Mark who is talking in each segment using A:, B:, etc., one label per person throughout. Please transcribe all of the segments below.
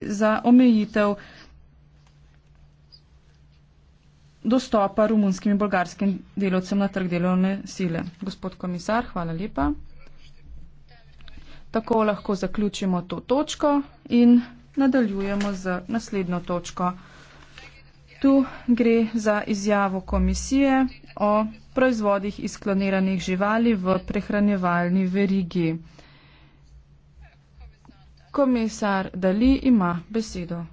A: za omejitev dostopa rumunskim in bolgarskim delovcem na trg delovne sile. Gospod komisar, hvala lepa. Tako lahko zaključimo to točko in nadaljujemo z naslednjo točko. Tu gre za izjavo komisije o proizvodih iz kloniranih živali v prehranjevalni verigi komisar Dali ima besedo.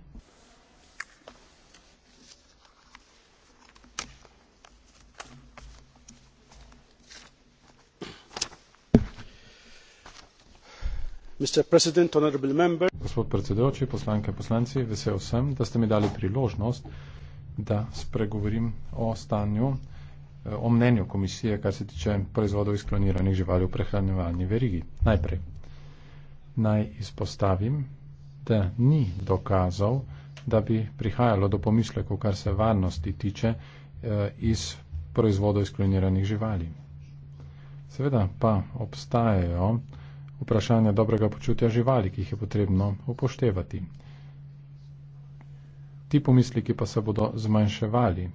B: Gospod predsedoči, poslanke, poslanci, vesel sem, da ste mi dali priložnost, da spregovorim o stanju, eh, o mnenju komisije, kar se tiče proizvodov iz kloniranih živali v prehranjevalni verigi. Najprej naj izpostavim, da ni dokazov, da bi prihajalo do pomisleku, kar se varnosti tiče, eh, iz proizvodov izkloniranih živali. Seveda pa obstajajo vprašanja dobrega počutja živali, ki jih je potrebno upoštevati. Ti pomisliki pa se bodo zmanjševali,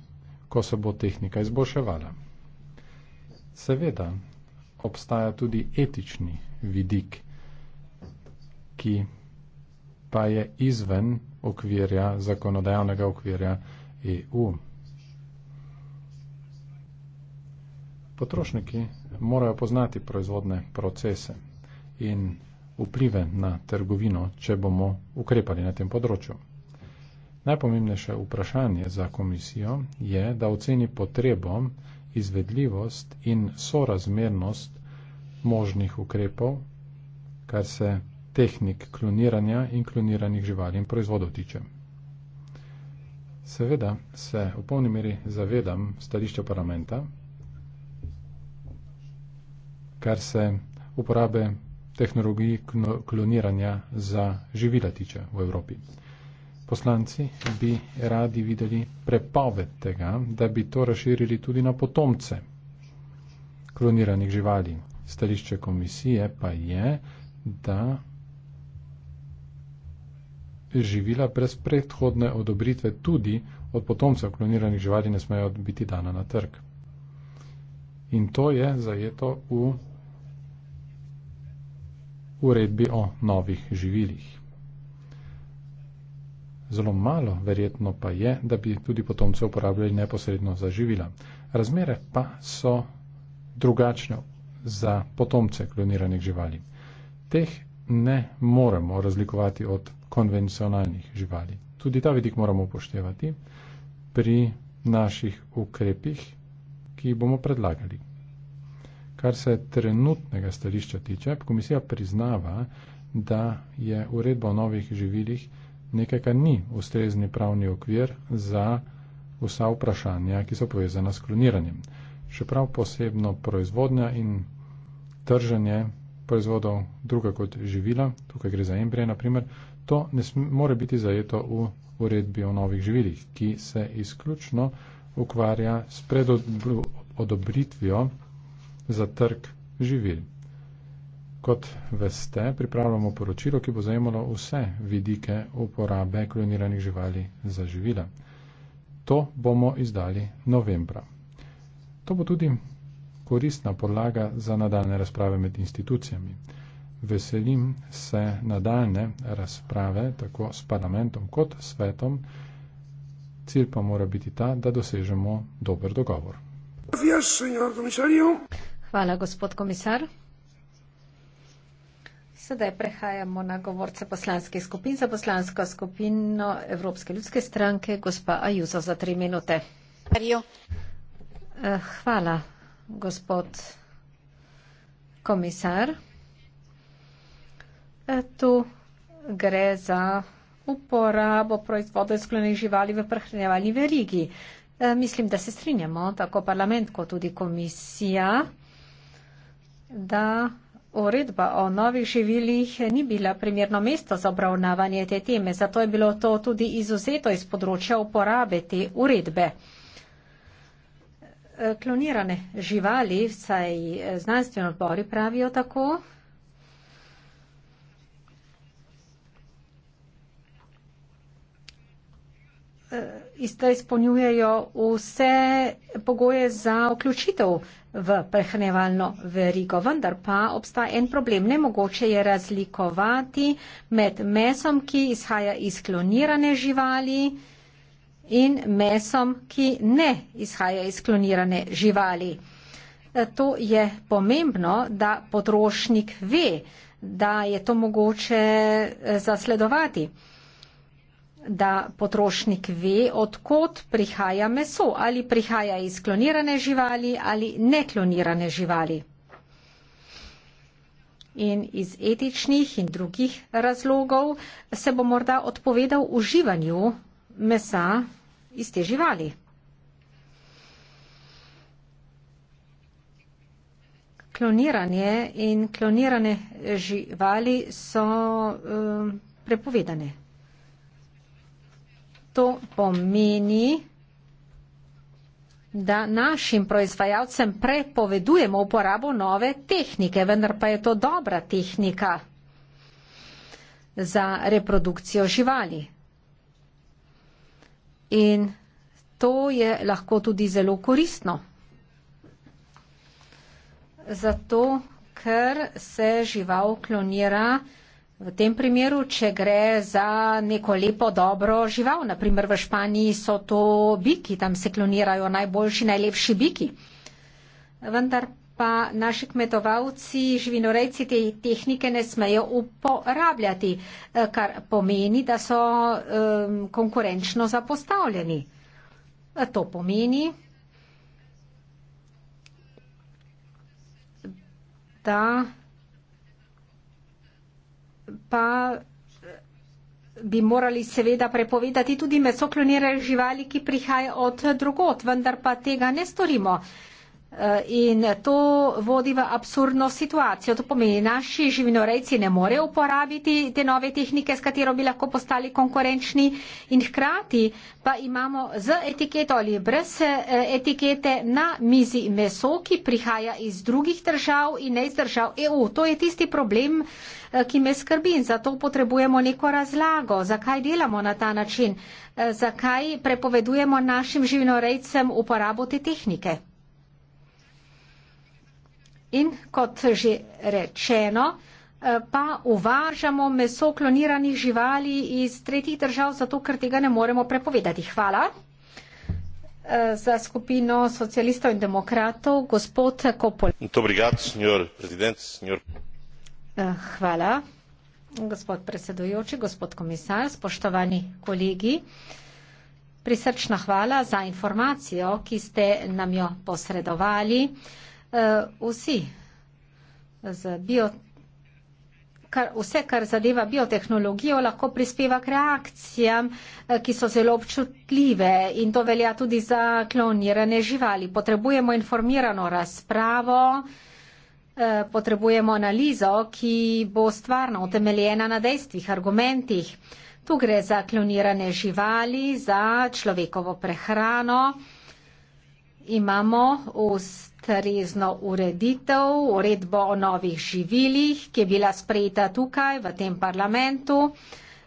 B: ko se bo tehnika izboljševala. Seveda obstaja tudi etični vidik ki pa je izven okvirja, zakonodajnega okvirja EU. Potrošniki morajo poznati proizvodne procese in vplive na trgovino, če bomo ukrepali na tem področju. Najpomembnejše vprašanje za komisijo je, da oceni potrebo, izvedljivost in sorazmernost možnih ukrepov, kar se tehnik kloniranja in kloniranih živali in proizvodov tiče. Seveda se v polni meri zavedam stališča parlamenta, kar se uporabe tehnologij kloniranja za živila tiče v Evropi. Poslanci bi radi videli prepoved tega, da bi to razširili tudi na potomce kloniranih živali. Stališče komisije pa je, da živila brez predhodne odobritve tudi od potomcev kloniranih živali ne smejo biti dana na trg. In to je zajeto v uredbi o novih živilih. Zelo malo verjetno pa je, da bi tudi potomce uporabljali neposredno za živila. Razmere pa so drugačne za potomce kloniranih živali. Teh ne moremo razlikovati od konvencionalnih živali. Tudi ta vidik moramo upoštevati pri naših ukrepih, ki jih bomo predlagali. Kar se trenutnega stališča tiče, komisija priznava, da je uredba o novih živilih nekaj, kar ni ustrezni pravni okvir za vsa vprašanja, ki so povezana s kloniranjem. Čeprav posebno proizvodnja in trženje proizvodov druga kot živila, tukaj gre za embrije, naprimer, to ne more biti zajeto v uredbi o novih živilih, ki se izključno ukvarja s predodobritvijo za trg živil. Kot veste, pripravljamo poročilo, ki bo zajemalo vse vidike uporabe kloniranih živali za živila. To bomo izdali novembra. To bo tudi koristna podlaga za nadaljne razprave med institucijami veselim se nadaljne razprave tako s parlamentom kot svetom. Cilj pa mora biti ta, da dosežemo dober dogovor.
C: Hvala, gospod komisar. Sedaj prehajamo na govorce poslanskih skupin. Za poslansko skupino Evropske ljudske stranke, gospa Ajuzo, za tri minute. Eh, hvala, gospod komisar. E, tu gre za uporabo proizvodov izklonjenih živali v prehranjevalni verigi. E, mislim, da se strinjamo, tako parlament kot tudi komisija, da uredba o novih živilih ni bila primerno mesto za obravnavanje te teme, zato je bilo to tudi izuzeto iz področja uporabe te uredbe. E, klonirane živali, saj znanstveni odbori pravijo tako, Eh, isto izpolnjujejo vse pogoje za vključitev v prehranevalno verigo. Vendar pa obstaja en problem. Nemogoče je razlikovati med mesom, ki izhaja iz klonirane živali in mesom, ki ne izhaja iz klonirane živali. Eh, to je pomembno, da potrošnik ve, da je to mogoče eh, zasledovati da potrošnik ve, odkot prihaja meso, ali prihaja iz klonirane živali ali neklonirane živali. In iz etičnih in drugih razlogov se bo morda odpovedal uživanju mesa iz te živali. Kloniranje in klonirane živali so um, prepovedane to pomeni, da našim proizvajalcem prepovedujemo uporabo nove tehnike, vendar pa je to dobra tehnika za reprodukcijo živali. In to je lahko tudi zelo koristno. Zato, ker se žival klonira V tem primeru, če gre za neko lepo, dobro žival, naprimer v Španiji so to biki, tam se klonirajo najboljši, najlepši biki. Vendar pa naši kmetovalci, živinorejci te tehnike ne smejo uporabljati, eh, kar pomeni, da so um, konkurenčno zapostavljeni. Eh, to pomeni, da pa eh, bi morali seveda prepovedati tudi meso kloniranih živali, ki prihaja od drugot, vendar pa tega ne storimo. Eh, in to vodi v absurdno situacijo. To pomeni, naši živinorejci ne morejo uporabiti te nove tehnike, s katero bi lahko postali konkurenčni. In hkrati pa imamo z etiketo ali brez eh, etikete na mizi meso, ki prihaja iz drugih držav in ne iz držav EU. To je tisti problem, ki Eh, ki me skrbi in zato potrebujemo neko razlago, zakaj delamo na ta način, eh, zakaj prepovedujemo našim živinorejcem uporabo te tehnike. In kot že rečeno, eh, pa uvažamo meso kloniranih živali iz tretjih držav, zato ker tega ne moremo prepovedati. Hvala za skupino socialistov in demokratov, gospod Kopol.
B: Dobrigad, senjor,
C: Eh, hvala, gospod predsedujoči, gospod komisar, spoštovani kolegi. Prisrčna hvala za informacijo, ki ste nam jo posredovali. Eh, vsi z bio. Kar, vse, kar zadeva biotehnologijo, lahko prispeva k reakcijam, eh, ki so zelo občutljive in to velja tudi za klonirane živali. Potrebujemo informirano razpravo, Eh, potrebujemo analizo, ki bo stvarno utemeljena na dejstvih, argumentih. Tu gre za klonirane živali, za človekovo prehrano. Imamo ustrezno ureditev, uredbo o novih živilih, ki je bila sprejeta tukaj v tem parlamentu.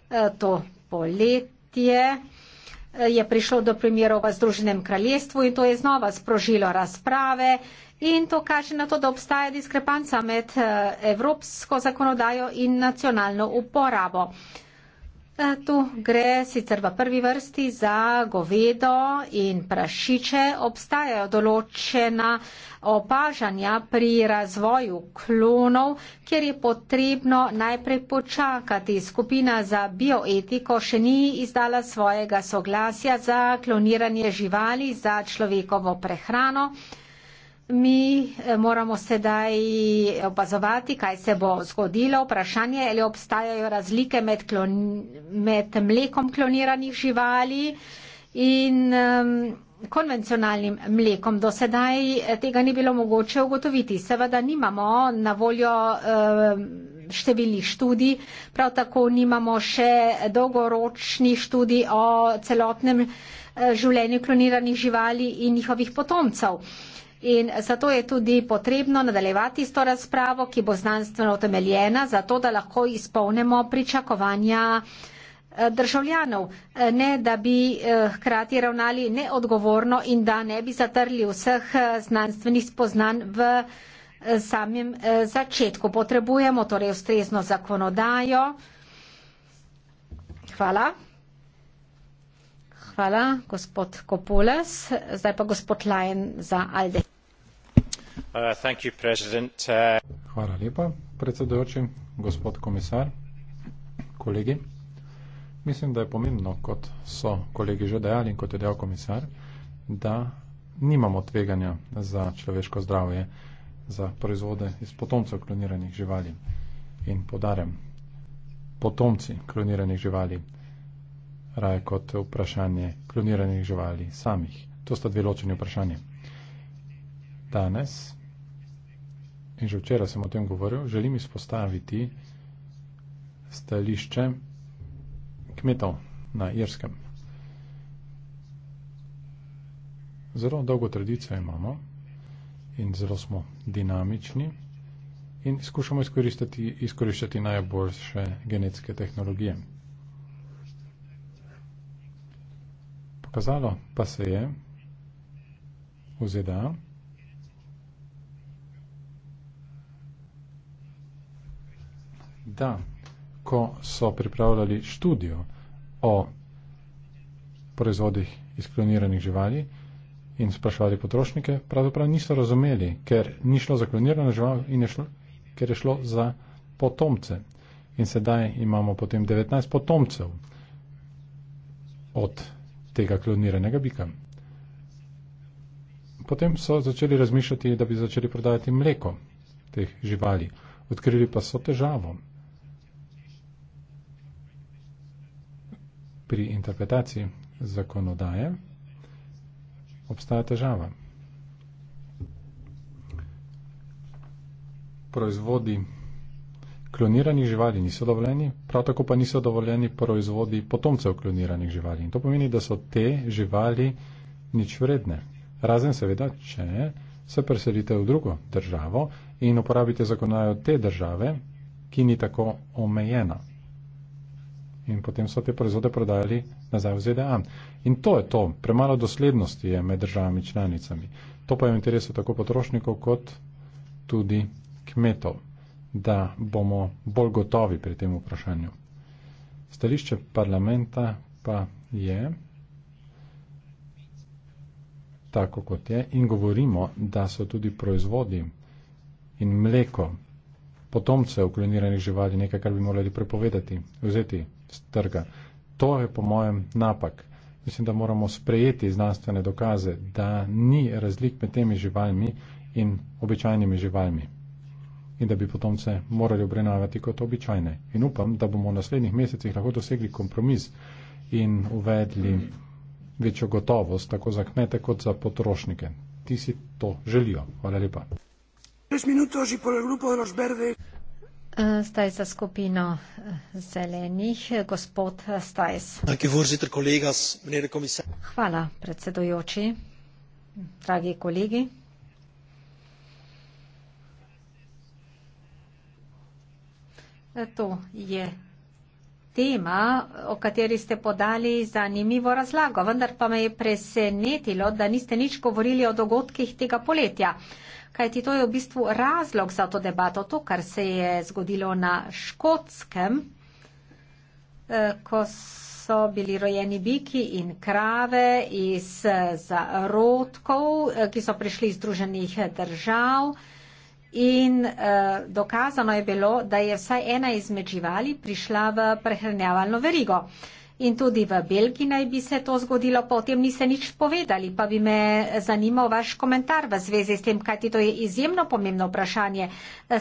C: Eh, to poletje eh, je prišlo do primerov v Združenem kraljestvu in to je znova sprožilo razprave In to kaže na to, da obstaja diskrepanca med eh, evropsko zakonodajo in nacionalno uporabo. Eh, tu gre sicer v prvi vrsti za govedo in prašiče. Obstajajo določena opažanja pri razvoju klonov, kjer je potrebno najprej počakati. Skupina za bioetiko še ni izdala svojega soglasja za kloniranje živali za človekovo prehrano mi eh, moramo sedaj opazovati, kaj se bo zgodilo. Vprašanje je, ali obstajajo razlike med, klon, med mlekom kloniranih živali in um, konvencionalnim mlekom. Do sedaj eh, tega ni bilo mogoče ugotoviti. Seveda nimamo na voljo um, številnih študij, prav tako nimamo še dolgoročnih študij o celotnem eh, življenju kloniranih živali in njihovih potomcev. Uh, In zato je tudi potrebno nadaljevati s to razpravo, ki bo znanstveno utemeljena, zato da lahko izpolnemo pričakovanja eh, državljanov, eh, ne da bi eh, hkrati ravnali neodgovorno in da ne bi zatrli vseh znanstvenih spoznanj v samem začetku. Potrebujemo torej ustrezno zakonodajo. Hvala. Hvala, gospod Kopules. Zdaj pa gospod Lajen za Alde.
B: Uh, uh, Hvala lepa, predsedujoči, gospod komisar, kolegi. Mislim, da je pomembno, kot so kolegi že dejali in kot je dejal komisar, da nimamo tveganja za človeško zdravje, za proizvode iz potomcev kloniranih živali. In podarjam, potomci kloniranih živali, raje kot vprašanje kloniranih živali samih. To sta dve ločeni vprašanje. Danes in že včeraj sem o tem govoril, želim izpostaviti stališče kmetov na Irskem. Zelo dolgo tradicijo imamo in zelo smo dinamični in skušamo izkoristiti, izkoristiti najboljše genetske tehnologije. Pokazalo pa se je v ZDA, da ko so pripravljali študijo o proizvodih iz kloniranih živali in spraševali potrošnike, pravzaprav niso razumeli, ker ni šlo za klonirano žival in je šlo, ker je šlo za potomce. In sedaj imamo potem 19 potomcev od tega kloniranega bika. Potem so začeli razmišljati, da bi začeli prodajati mleko teh živali. Odkrili pa so težavo. pri interpretaciji zakonodaje obstaja težava. Proizvodi kloniranih živali niso dovoljeni, prav tako pa niso dovoljeni proizvodi potomcev kloniranih živali. In to pomeni, da so te živali nič vredne. Razen seveda, če se preselite v drugo državo in uporabite zakonodajo te države, ki ni tako omejena in potem so te proizvode prodajali nazaj v ZDA. In to je to, premalo doslednosti je med državami članicami. To pa je v interesu tako potrošnikov kot tudi kmetov, da bomo bolj gotovi pri tem vprašanju. Stališče parlamenta pa je tako, kot je, in govorimo, da so tudi proizvodi in mleko potomcev kloniranih živali nekaj, kar bi morali prepovedati, vzeti trga. To je po mojem napak. Mislim, da moramo sprejeti znanstvene dokaze, da ni razlik med temi živalmi in običajnimi živalmi. In da bi potomce morali obrenavati kot običajne. In upam, da bomo v naslednjih mesecih lahko dosegli kompromis in uvedli večjo gotovost tako za kmete kot za potrošnike. Ti si to želijo. Hvala lepa.
C: Eh, zdaj za skupino eh, zelenih, eh, gospod Stajs. Hvala, predsedujoči, dragi kolegi. To je tema, o kateri ste podali zanimivo razlago, vendar pa me je presenetilo, da niste nič govorili o dogodkih tega poletja kaj ti to je v bistvu razlog za to debato, to, kar se je zgodilo na škotskem, eh, ko so bili rojeni biki in krave iz zarodkov, eh, ki so prišli iz druženih držav. In eh, dokazano je bilo, da je vsaj ena izmed živali prišla v prehranjevalno verigo. Eh, In tudi v Belgiji naj bi se to zgodilo, potem niste nič povedali, pa bi me zanimal vaš komentar v zvezi s tem, kajti to je izjemno pomembno vprašanje.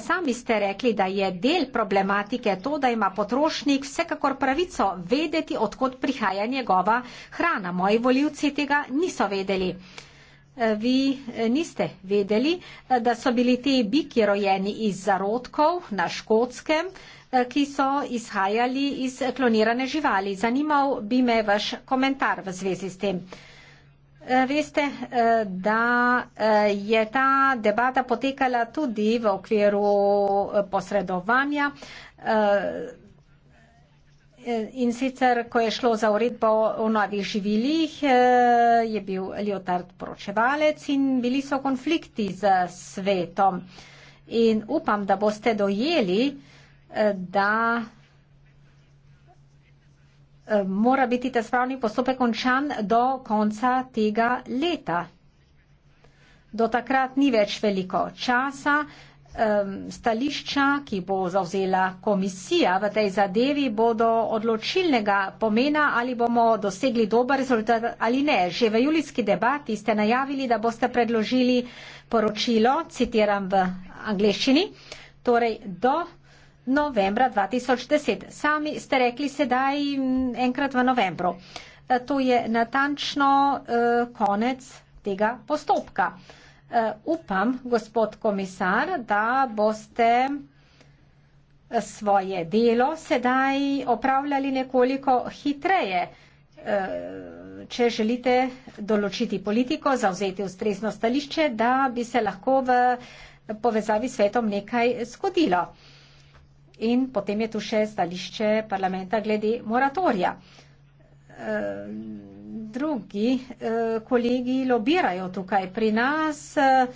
C: Sami ste rekli, da je del problematike to, da ima potrošnik vsekakor pravico vedeti, odkot prihaja njegova hrana. Moji voljivci tega niso vedeli. Vi eh, niste vedeli, eh, da so bili te biki rojeni iz zarodkov na škotskem. Eh, ki so izhajali iz eh, klonirane živali. Zanimal bi me vaš komentar v zvezi s tem. Eh, veste, da je ta debata potekala tudi v okviru posredovanja in sicer, ko je šlo za uredbo o novih živilih, je bil Lyotard poročevalec in bili so konflikti z svetom. In upam, da boste dojeli, da eh, mora biti ta spravni postopek končan do konca tega leta. Do takrat ni več veliko časa. Stališča, ki bo zavzela komisija v tej zadevi, bodo odločilnega pomena, ali bomo dosegli dober rezultat ali ne. Že v julijski debati ste najavili, da boste predložili poročilo, citiram v angleščini, torej do novembra 2010. Sami ste rekli sedaj mm, enkrat v novembru. E, to je natančno e, konec tega postopka. E, upam, gospod komisar, da boste svoje delo sedaj opravljali nekoliko hitreje, če želite določiti politiko, zauzeti ustrezno stališče, da bi se lahko v povezavi s svetom nekaj zgodilo. In potem je tu še stališče parlamenta glede moratorija. Eh, drugi eh, kolegi lobirajo tukaj pri nas eh,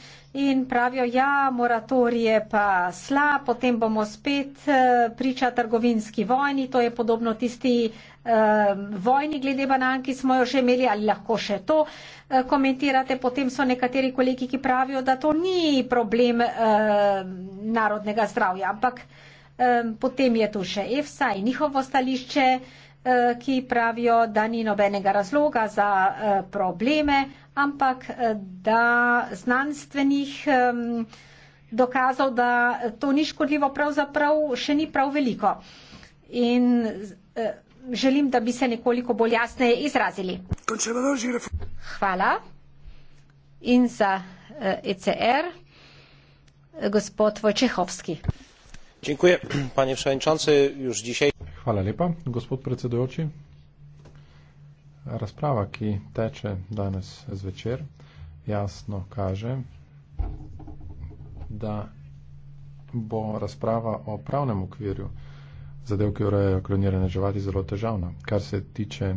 C: in pravijo, ja, moratorije pa sla, potem bomo spet priča trgovinski vojni, to je podobno tisti vojni glede banan, ki smo jo že imeli, ali lahko še to komentirate. Potem so nekateri kolegi, ki pravijo, da to ni problem narodnega zdravja, ampak. Potem je tu še EFSA in njihovo stališče, eh, ki pravijo, da ni nobenega razloga za eh, probleme, ampak eh, da znanstvenih dokazov, da to ni škodljivo, pravzaprav še ni prav veliko. In želim, da bi se nekoliko bolj jasneje izrazili. Hvala. In za ECR, gospod Vojčehovski.
B: Dziękuję, panie przewodniczący. Już dzisiaj. Hvala lepa, gospod predsedujoči. Razprava, ki teče danes zvečer, jasno kaže, da bo razprava o pravnem okvirju zadev, ki urejajo klonirane živali, zelo težavna. Kar se tiče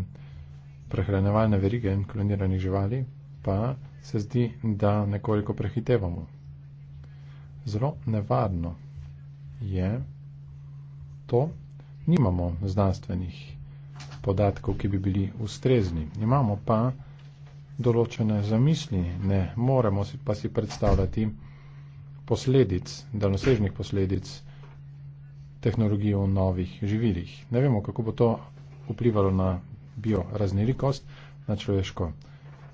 B: prehranevalne verige in kloniranih živali, pa se zdi, da nekoliko prehitevamo. Zelo nevarno je to, nimamo znanstvenih podatkov, ki bi bili ustrezni. Imamo pa določene zamisli, ne moremo si pa si predstavljati posledic, daljnosežnih posledic tehnologije v novih živilih. Ne vemo, kako bo to vplivalo na bioraznolikost, na človeško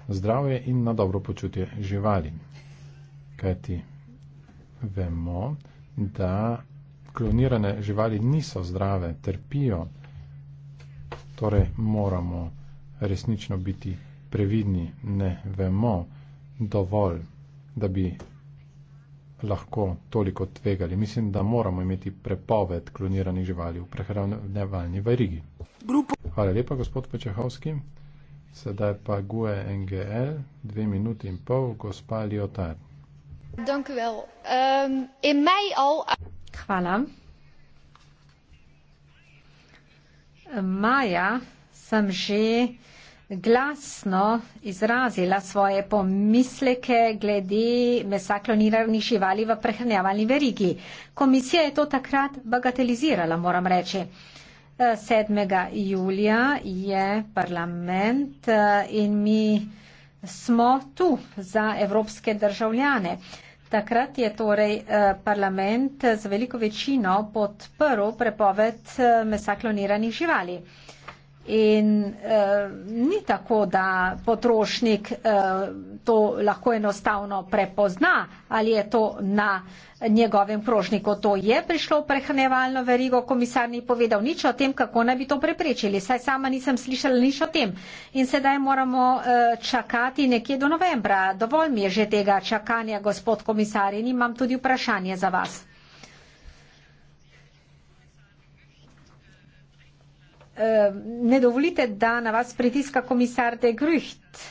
B: zdravje in na dobro počutje živali. Kajti vemo, da klonirane živali niso zdrave, trpijo. Torej moramo resnično biti previdni, ne vemo dovolj, da bi lahko toliko tvegali. Mislim, da moramo imeti prepoved kloniranih živali v prehranevalni verigi. Hvala lepa, gospod Pečehovski. Sedaj pa guje NGL, dve minuti in pol, gospa Liotar.
C: Dank u wel. Um, in mei al. Hvala. Maja, sem že glasno izrazila svoje pomisleke glede mesa kloniranih živali v prehranjevalni verigi. Komisija je to takrat bagatelizirala, moram reči. 7. julija je parlament eh, in mi smo tu za evropske državljane. Takrat je torej eh, parlament z veliko večino podprl prepoved eh, mesa kloniranih živali. In eh, ni tako, da potrošnik eh, to lahko enostavno prepozna, ali je to na njegovem krožniku. To je prišlo v prehnevalno verigo, komisar ni povedal nič o tem, kako naj bi to preprečili. Saj sama nisem slišala nič o tem. In sedaj moramo eh, čakati nekje do novembra. Dovolj mi je že tega čakanja, gospod komisar, in imam tudi vprašanje za vas. Ehm, ne dovolite, da na vas pritiska komisar de Grucht,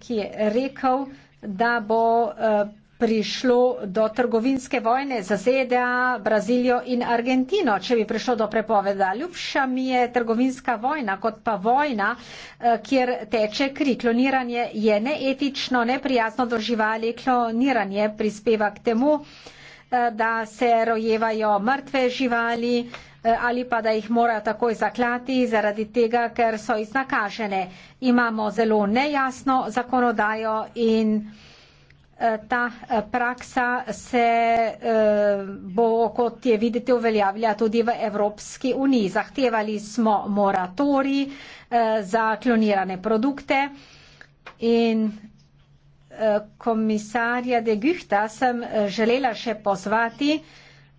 C: ki je rekel, da bo eh, prišlo do trgovinske vojne za ZDA, Brazilijo in Argentino, če bi prišlo do prepoveda. Ljubša mi je trgovinska vojna kot pa vojna, eh, kjer teče kri. Kloniranje je neetično, neprijazno do živali. Kloniranje prispeva k temu, eh, da se rojevajo mrtve živali, Eh, ali pa da jih morajo takoj zaklati zaradi tega, ker so iznakažene. Imamo zelo nejasno zakonodajo in eh, ta eh, praksa se bo, kot je videti, uveljavlja tudi v Evropski uniji. Zahtevali smo moratori za klonirane produkte in komisarja de Guhta sem želela še pozvati,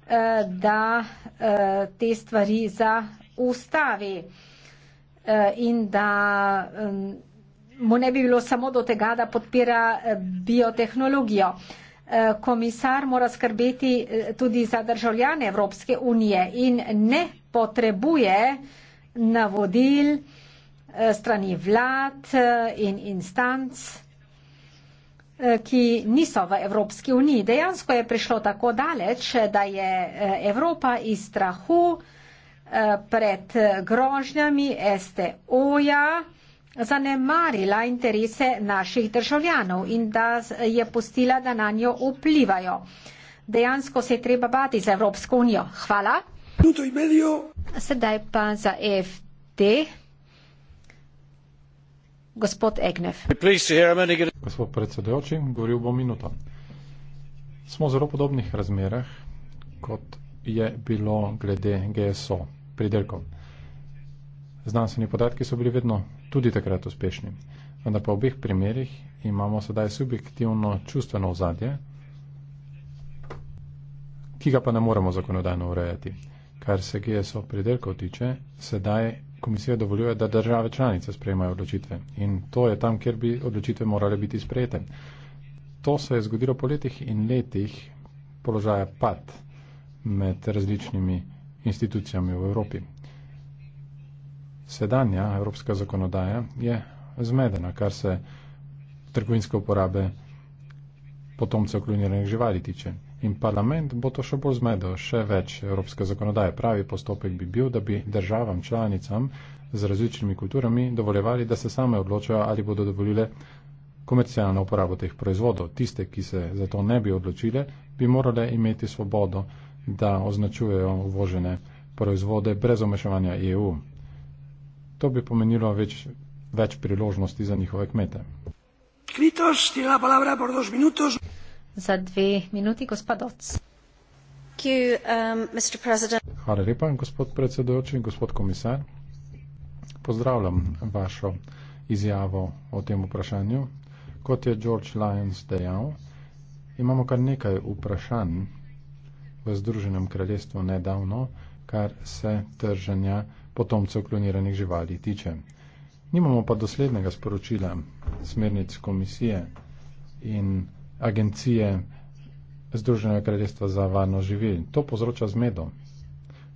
C: Eh, da eh, te stvari zaustavi eh, in da mu ne bi bilo samo do tega, da podpira biotehnologijo. Komisar mora skrbeti tudi za državljane Evropske unije in ne potrebuje navodil strani vlad in instanc, Eh, ki niso v Evropski uniji. Dejansko je prišlo tako daleč, da je eh, Evropa iz strahu eh, pred grožnjami STO-ja zanemarila interese naših državljanov in da je pustila, da na njo vplivajo. Dejansko se je treba bati za Evropsko unijo. Hvala. Sedaj pa za e FD. Gospod
B: predsedujoči, govoril bom minuto. Smo v zelo podobnih razmerah, kot je bilo glede GSO pridelkov. Znanstveni podatki so bili vedno tudi takrat uspešni, vendar pa v obeh primerjih imamo sedaj subjektivno čustveno ozadje, ki ga pa ne moremo zakonodajno urejati. Kar se GSO pridelkov tiče, sedaj komisija dovoljuje, da države članice sprejmajo odločitve. In to je tam, kjer bi odločitve morale biti sprejete. To se je zgodilo po letih in letih položaja pad med različnimi institucijami v Evropi. Sedanja evropska zakonodaja je zmedena, kar se trgovinske uporabe potomcev kloniranih živali tiče in parlament bo to še bolj zmedel. Še več evropske zakonodaje pravi postopek bi bil, da bi državam članicam z različnimi kulturami dovoljevali, da se same odločajo ali bodo dovolile komercialno uporabo teh proizvodov. Tiste, ki se za to ne bi odločile, bi morale imeti svobodo, da označujejo uvožene proizvode brez omešavanja EU. To bi pomenilo več, več priložnosti za njihove kmete.
C: Kritos, tiene la palabra por dos minutos za dve minuti, gospod Doc. Um,
B: Hvala lepa, gospod predsedojoči, gospod komisar. Pozdravljam vašo izjavo o tem vprašanju. Kot je George Lyons dejal, imamo kar nekaj vprašanj v Združenem kraljestvu nedavno, kar se trženja potomcev kloniranih živali tiče. Nimamo pa doslednega sporočila smernic komisije in agencije Združenega kraljestva za varno živil. To povzroča zmedo.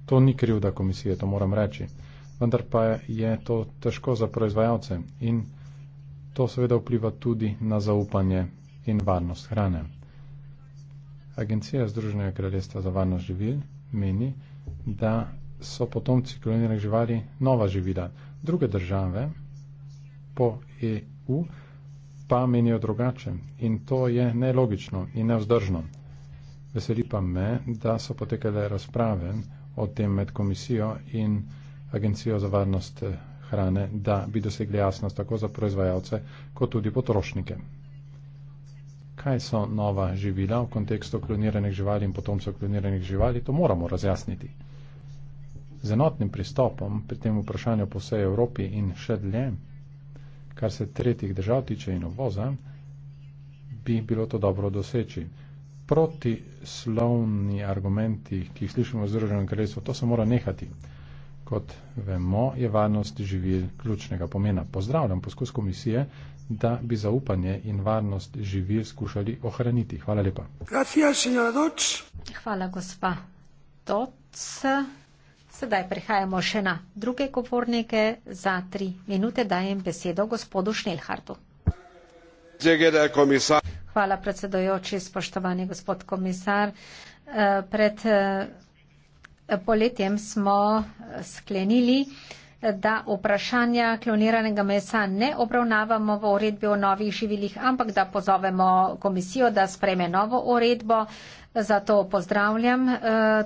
B: To ni krivda komisije, to moram reči. Vendar pa je to težko za proizvajalce in to seveda vpliva tudi na zaupanje in varnost hrane. Agencija Združenega kraljestva za varno živil meni, da so potomci kloniranih živali nova živila. Druge države po EU pa menijo drugače. In to je nelogično in nevzdržno. Veseli pa me, da so potekale razprave o tem med komisijo in Agencijo za varnost eh, hrane, da bi dosegli jasnost tako za proizvajalce, kot tudi potrošnike. Kaj so nova živila v kontekstu kloniranih živali in potomcev kloniranih živali, to moramo razjasniti. Z enotnim pristopom pri tem vprašanju po vsej Evropi in še dlje kar se tretjih držav tiče in uvoza, bi bilo to dobro doseči. Proti slovni argumenti, ki jih slišimo v Združenem kraljestvu, to se mora nehati. Kot vemo, je varnost živil ključnega pomena. Pozdravljam poskus komisije, da bi zaupanje in varnost živil skušali ohraniti. Hvala lepa.
C: Gracias, Hvala, gospa Toc. Sedaj prehajamo še na druge govornike. Za tri minute dajem besedo gospodu Šnelhartu. Hvala, predsedojoči, spoštovani gospod komisar. Eh, pred eh, poletjem smo eh, sklenili, da vprašanja kloniranega mesa ne obravnavamo v uredbi o novih živilih, ampak da pozovemo komisijo, da spreme novo uredbo. Zato pozdravljam eh,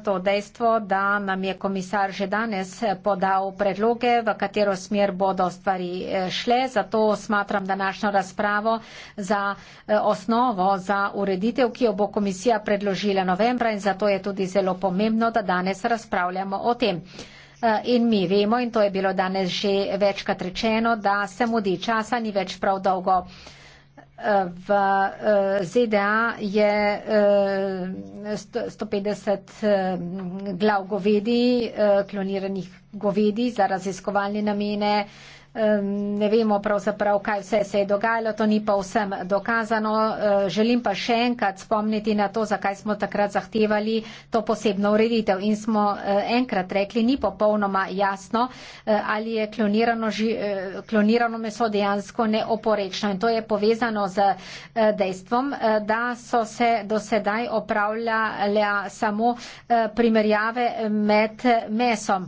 C: to dejstvo, da nam je komisar že danes podal predloge, v katero smer bodo stvari eh, šle. Zato smatram današnjo razpravo za eh, osnovo za ureditev, ki jo bo komisija predložila novembra in zato je tudi zelo pomembno, da danes razpravljamo o tem. Eh, in mi vemo, in to je bilo danes že večkrat rečeno, da se mudi časa, ni več prav dolgo. Eh, v eh, ZDA je 150 glav govedi, kloniranih govedi za raziskovalne namene, ne vemo pravzaprav, kaj vse se je dogajalo, to ni pa vsem dokazano. Želim pa še enkrat spomniti na to, zakaj smo takrat zahtevali to posebno ureditev in smo enkrat rekli, ni popolnoma jasno, ali je klonirano, klonirano meso dejansko neoporečno in to je povezano z dejstvom, da so se do sedaj opravljale samo primerjave med mesom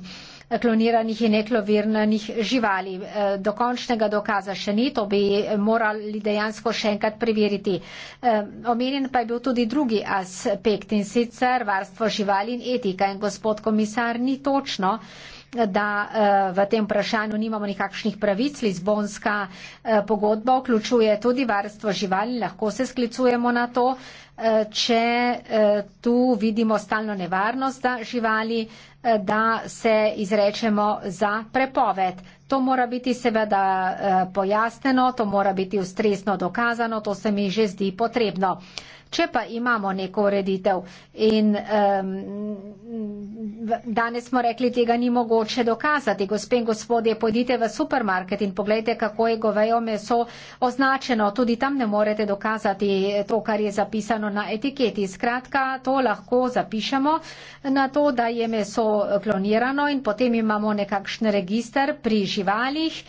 C: kloniranih in neklovirnih živali. E, dokončnega dokaza še ni, to bi morali dejansko še enkrat preveriti. E, omenjen pa je bil tudi drugi aspekt in sicer varstvo živali in etika. In gospod komisar, ni točno da e, v tem vprašanju nimamo nikakšnih pravic. Lizbonska pogodba vključuje tudi varstvo živali, lahko se sklicujemo na to če eh, tu vidimo stalno nevarnost za živali, eh, da se izrečemo za prepoved. To mora biti seveda eh, pojasneno, to mora biti ustrezno dokazano, to se mi že zdi potrebno. Če pa imamo neko ureditev in um, danes smo rekli, tega ni mogoče dokazati, gospe in gospodje, pojdite v supermarket in pogledajte, kako je govejo meso označeno. Tudi tam ne morete dokazati to, kar je zapisano na etiketi. Skratka, to lahko zapišemo na to, da je meso klonirano in potem imamo nekakšen registr pri živalih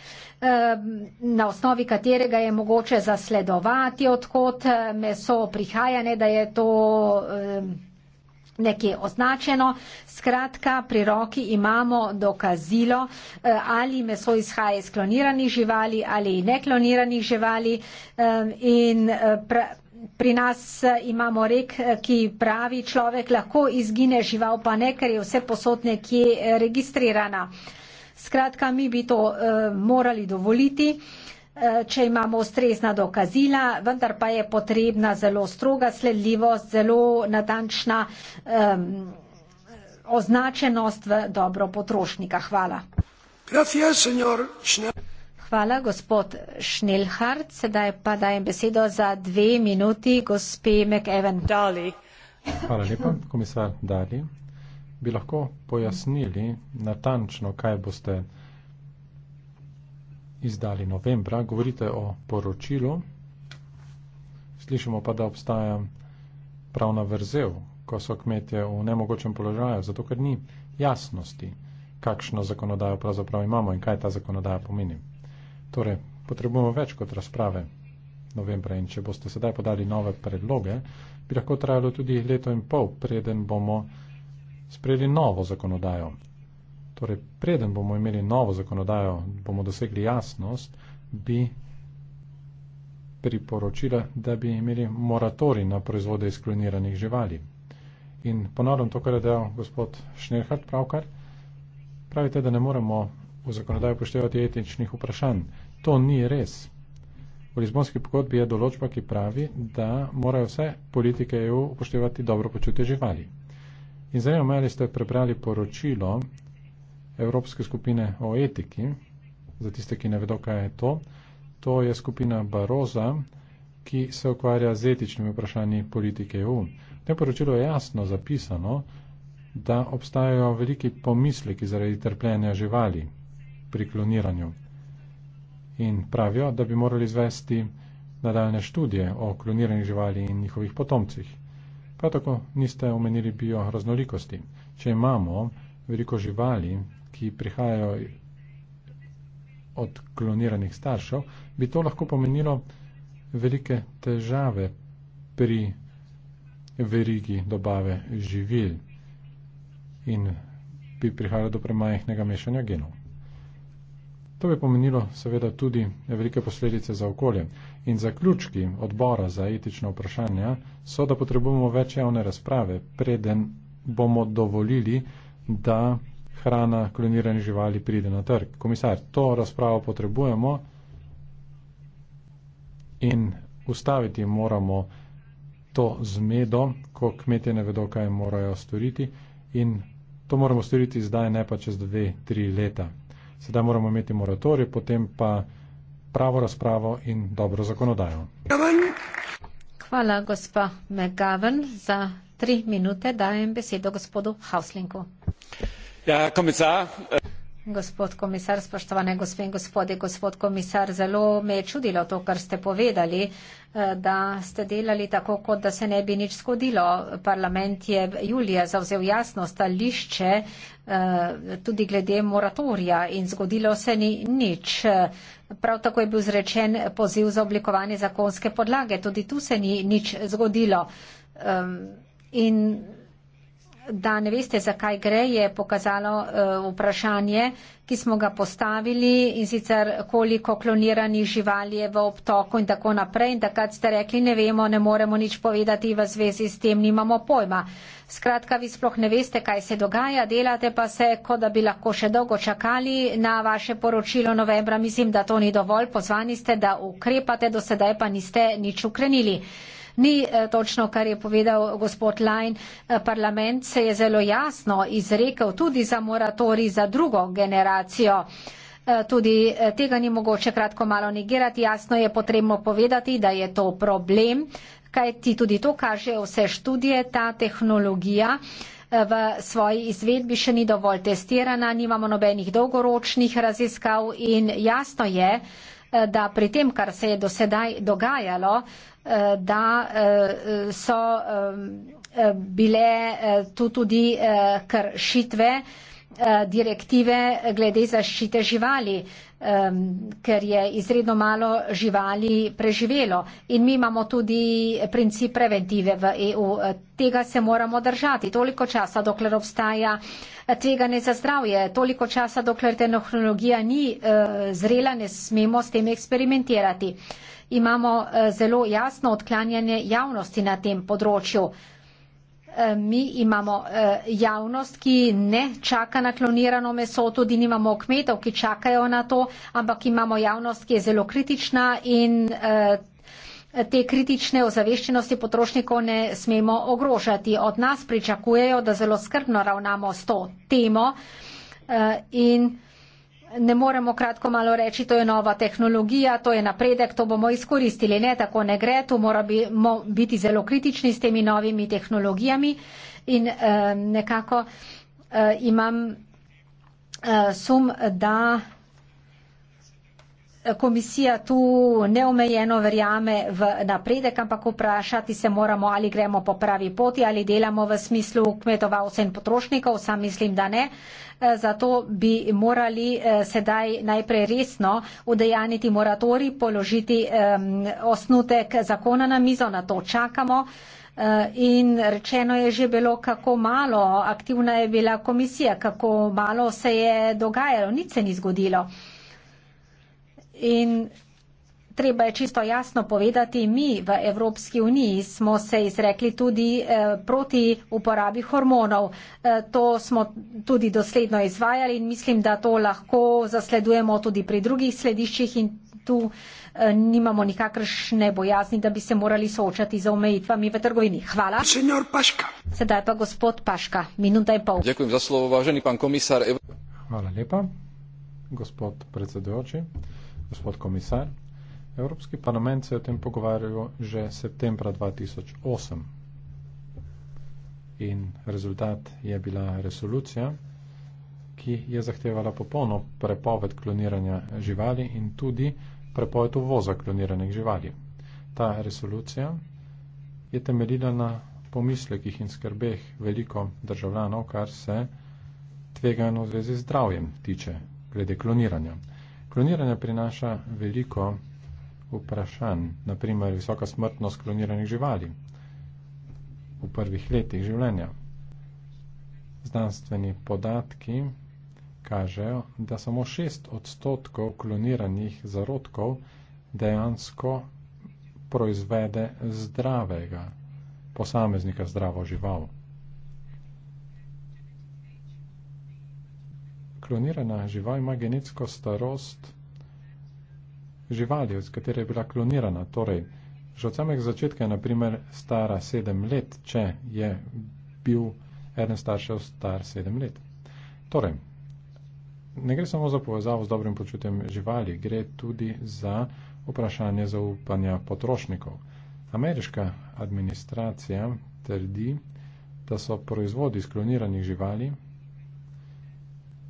C: na osnovi katerega je mogoče zasledovati, odkot eh, meso prihaja, ne da je to nekje označeno. Skratka, pri roki imamo dokazilo, eh, ali meso izhaja iz kloniranih živali ali nekloniranih živali. In eh, pra, pri nas imamo rek, ki pravi, človek lahko izgine žival, pa ne, ker je vse posod nekje registrirana. Skratka, mi bi to eh, morali dovoliti, eh, če imamo ustrezna dokazila, vendar pa je potrebna zelo stroga sledljivost, zelo natančna označenost v dobro potrošnika. Hvala. Hvala, gospod Šnelhard. Sedaj pa dajem besedo za dve minuti gospe McEwen. Hvala
B: lepa, komisar Dali bi lahko pojasnili natančno, kaj boste izdali novembra. Govorite o poročilu, slišimo pa, da obstaja pravna vrzel, ko so kmetje v nemogočem položaju, zato ker ni jasnosti, kakšno zakonodajo pravzaprav imamo in kaj ta zakonodaja pomeni. Torej, potrebujemo več kot razprave novembra in če boste sedaj podali nove predloge, bi lahko trajalo tudi leto in pol, preden bomo sprejeli novo zakonodajo. Torej, preden bomo imeli novo zakonodajo, bomo dosegli jasnost, bi priporočila, da bi imeli moratori na proizvode iz kloniranih živali. In ponovim to, kar je dejal gospod Šnerhard pravkar. Pravite, da ne moremo v zakonodaju upoštevati etičnih vprašanj. To ni res. V Lizbonski pogodbi je določba, ki pravi, da morajo vse politike EU upoštevati dobro počutje živali. In zdaj omeli ste prebrali poročilo Evropske skupine o etiki, za tiste, ki ne vedo, kaj je to. To je skupina Baroza, ki se ukvarja z etičnimi vprašanji politike EU. To poročilo je jasno zapisano, da obstajajo veliki pomisleki zaradi trpljenja živali pri kloniranju. In pravijo, da bi morali izvesti nadaljne študije o kloniranih živali in njihovih potomcih. Prav tako niste omenili bio raznolikosti. Če imamo veliko živali, ki prihajajo od kloniranih staršev, bi to lahko pomenilo velike težave pri verigi dobave živil in bi prihajalo do premajhnega mešanja genov. To bi pomenilo seveda tudi velike posledice za okolje. In zaključki odbora za etična vprašanja so, da potrebujemo več javne razprave, preden bomo dovolili, da hrana kloniranih živali pride na trg. Komisar, to razpravo potrebujemo in ustaviti moramo to zmedo, ko kmetje ne vedo, kaj morajo storiti in to moramo storiti zdaj, ne pa čez dve, tri leta. Sedaj moramo imeti moratorij, potem pa pravo razpravo in dobro zakonodajo.
C: Hvala, gospa Megaven. Za tri minute dajem besedo gospodu Hauslinku.
B: Ja, komisar.
C: Gospod komisar, spoštovane gospe in gospode, gospod komisar, zelo me je čudilo to, kar ste povedali, eh, da ste delali tako, kot da se ne bi nič zgodilo. Parlament je julija zavzel jasno stališče eh, tudi glede moratorija in zgodilo se ni nič. Prav tako je bil zrečen poziv za oblikovanje zakonske podlage. Tudi tu se ni nič zgodilo. In da ne veste, zakaj gre, je pokazalo eh, vprašanje, ki smo ga postavili in sicer koliko kloniranih živali je v obtoku in tako naprej. In takrat ste rekli, ne vemo, ne moremo nič povedati v zvezi s tem, nimamo pojma. Skratka, vi sploh ne veste, kaj se dogaja, delate pa se, kot da bi lahko še dolgo čakali na vaše poročilo novembra. Mislim, da to ni dovolj, pozvani ste, da ukrepate, do sedaj pa niste nič ukrenili ni eh, točno, kar je povedal gospod Lajn. Eh, parlament se je zelo jasno izrekel tudi za moratori za drugo generacijo. Eh, tudi tega ni mogoče kratko malo negirati. Jasno je potrebno povedati, da je to problem, kajti tudi to kažejo vse študije, ta tehnologija v svoji izvedbi še ni dovolj testirana, nimamo nobenih dolgoročnih raziskav in jasno je, Eh, da pri tem, kar se je do sedaj dogajalo, eh, da eh, so bile tu tudi kršitve direktive glede zaščite živali um, ker je izredno malo živali preživelo. In mi imamo tudi princip preventive v EU. Tega se moramo držati. Toliko časa, dokler obstaja tveganje za zdravje, toliko časa, dokler tehnologija ni uh, zrela, ne smemo s tem eksperimentirati. Imamo uh, zelo jasno odklanjanje javnosti na tem področju. Eh, mi imamo eh, javnost, ki ne čaka na klonirano meso, tudi nimamo kmetov, ki čakajo na to, ampak imamo javnost, ki je zelo kritična in eh, te kritične ozaveščenosti potrošnikov ne smemo ogrožati. Od nas pričakujejo, da zelo skrbno ravnamo s to temo in ne moremo kratko malo reči, to je nova tehnologija, to je napredek, to bomo izkoristili. Ne, tako ne gre, tu moramo biti zelo kritični s temi novimi tehnologijami in eh, nekako eh, imam eh, sum, da. Eh, komisija tu neomejeno verjame v napredek, ampak vprašati se moramo, ali gremo po pravi poti, ali delamo v smislu kmetovalcev in potrošnikov. Sam mislim, da ne. E, zato bi morali e, sedaj najprej resno udejaniti moratori, položiti e, osnutek zakona na mizo, na to čakamo. In rečeno je že bilo, kako malo aktivna je bila komisija, kako malo se je dogajalo, nič se ni zgodilo. In treba je čisto jasno povedati, mi v Evropski uniji smo se izrekli tudi eh, proti uporabi hormonov. Eh, to smo tudi dosledno izvajali in mislim, da to lahko zasledujemo tudi pri drugih slediščih in tu eh, nimamo nikakršne bojazni, da bi se morali soočati za omejitvami v trgovini. Hvala. Sedaj pa gospod Paška, minuta in pol.
B: Ďakujem za slovo, vážený pán komisár. Hvala lepa, gospod predsedujoči gospod komisar. Evropski parlament se je o tem pogovarjal že septembra 2008 in rezultat je bila resolucija, ki je zahtevala popolno prepoved kloniranja živali in tudi prepoved uvoza kloniranih živali. Ta resolucija je temeljila na pomislekih in skrbeh veliko državljanov, kar se tvegajo v zvezi z zdravjem tiče glede kloniranja. Kloniranje prinaša veliko vprašanj, naprimer visoka smrtnost kloniranih živali v prvih letih življenja. Znanstveni podatki kažejo, da samo 6 odstotkov kloniranih zarodkov dejansko proizvede zdravega posameznika zdravo živalo. klonirana žival ima genetsko starost živali, iz katere je bila klonirana. Torej, že od samega začetka je, naprimer, stara sedem let, če je bil eden staršev star sedem let. Torej, ne gre samo za povezavo z dobrim počutjem živali, gre tudi za vprašanje zaupanja potrošnikov. Ameriška administracija trdi, da so proizvodi skloniranih živali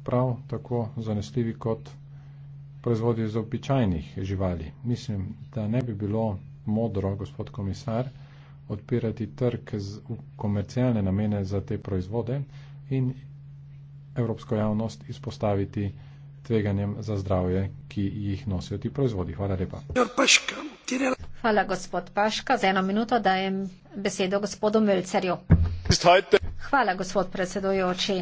B: prav tako zanesljivi kot proizvodi za običajnih živali. Mislim, da ne bi bilo modro, gospod komisar, odpirati trg z, v komercialne namene za te proizvode in evropsko javnost izpostaviti tveganjem za zdravje, ki jih nosijo ti proizvodi. Hvala lepa.
C: Hvala, gospod Paška. Za eno minuto dajem besedo gospodu Melcerju. Hvala, gospod predsedujoči.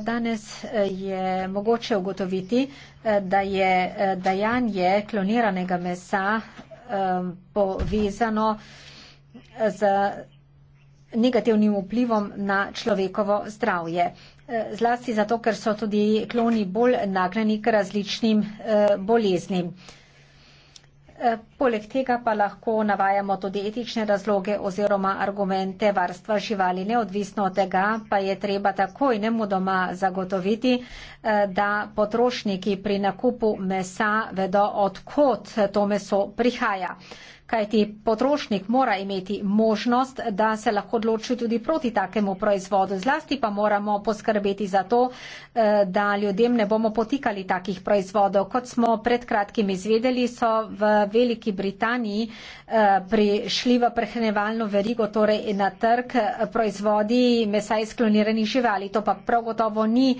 C: Danes eh, je mogoče ugotoviti, eh, da je eh, dajanje kloniranega mesa povezano z negativnim vplivom na človekovo zdravje. Zlasti zato, ker so tudi kloni bolj nagnjeni k različnim boleznim. Eh, poleg tega pa lahko navajamo tudi etične razloge oziroma argumente varstva živali. Neodvisno od tega pa je treba takoj nemudoma zagotoviti, eh, da potrošniki pri nakupu mesa vedo, odkot to meso prihaja kajti potrošnik mora imeti možnost, da se lahko odloči tudi proti takemu proizvodu. Zlasti pa moramo poskrbeti za to, eh, da ljudem ne bomo potikali takih proizvodov. Kot smo pred kratkim izvedeli, so v Veliki Britaniji eh, prišli v prehranevalno verigo, torej na trg eh, proizvodi mesa iz kloniranih živali. To pa prav gotovo ni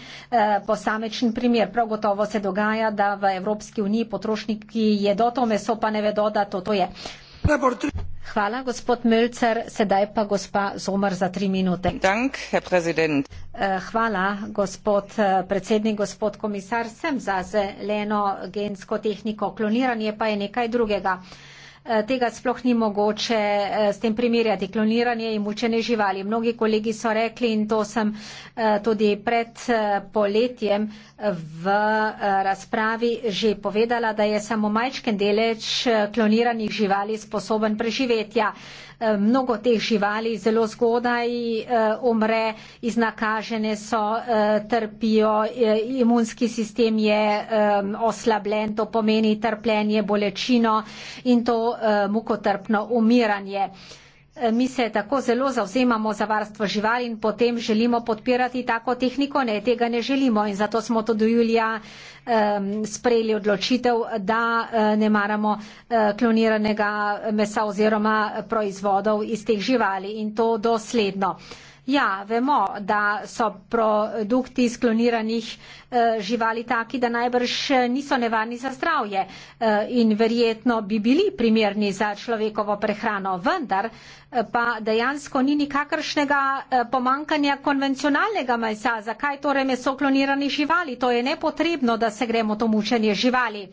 C: posamečen primer. Prav gotovo se dogaja, da v Evropski uniji potrošniki jedo to meso, pa ne vedo, da to, to je. Hvala, gospod Mölcer. Sedaj pa gospa Zomer za tri minute. Dank, eh, Hvala, gospod eh, predsednik, gospod komisar. Sem za zeleno gensko tehniko. Kloniranje pa je nekaj drugega. Eh, tega sploh ni mogoče eh, s tem primerjati. Kloniranje in mučenje živali. Mnogi kolegi so rekli in to sem eh, tudi pred poletjem v razpravi že povedala, da je samo majčken deleč kloniranih živali sposoben preživetja. Eh, mnogo teh živali zelo zgodaj eh, umre, iznakažene so, eh, trpijo, imunski sistem je oslabljen, to pomeni trpljenje, bolečino in to mukotrpno umiranje. Eh, mi se tako zelo zauzemamo za varstvo živali in potem želimo podpirati tako tehniko, ne, tega ne želimo in zato smo tudi julija um, sprejeli odločitev, da uh, ne maramo uh, kloniranega mesa oziroma proizvodov iz teh živali in to dosledno. Uh, Ja, vemo, da so produkti iz kloniranih eh, živali taki, da najbrž eh, niso nevarni za zdravje eh, in verjetno bi bili primerni za človekovo prehrano, vendar pa dejansko ni nikakršnega pomankanja konvencionalnega mesa. Zakaj torej meso klonirani živali? To je nepotrebno, da se gremo to mučenje živali.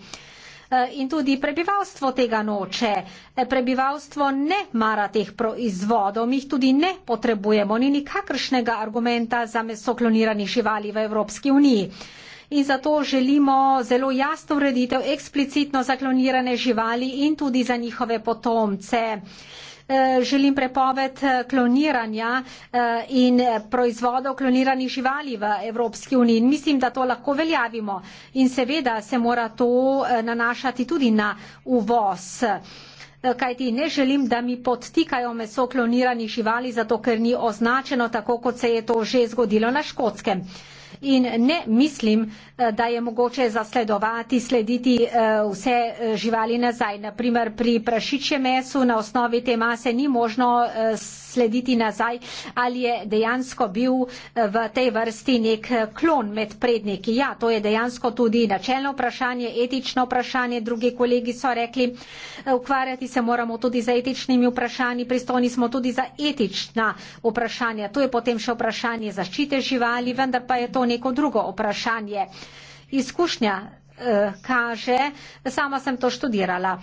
C: Eh, in tudi prebivalstvo tega noče. Eh, prebivalstvo ne mara teh proizvodov, mi jih tudi ne potrebujemo, ni nikakršnega argumenta za meso kloniranih živali v Evropski uniji. In zato želimo zelo jasno ureditev eksplicitno za klonirane živali in tudi za njihove potomce. Eh, želim prepoved eh, kloniranja eh, in proizvodov kloniranih živali v Evropski uniji. In mislim, da to lahko veljavimo. In seveda se mora to nanašati tudi na uvoz. Kajti ne želim, da mi podtikajo meso kloniranih živali, zato ker ni označeno tako, kot se je to že zgodilo na Škotskem in ne mislim, eh, da je mogoče zasledovati, slediti eh, vse eh, živali nazaj. Naprimer, pri prašičjem mesu na osnovi te mase ni možno slediti nazaj, ali je dejansko bil v tej vrsti nek klon med predniki. Ja, to je dejansko tudi načelno vprašanje, etično vprašanje, drugi kolegi so rekli, ukvarjati se moramo tudi za etičnimi vprašanji, pristojni smo tudi za etična vprašanja. To je potem še vprašanje zaščite živali, vendar pa je to neko drugo vprašanje. Izkušnja eh, kaže, sama sem to študirala,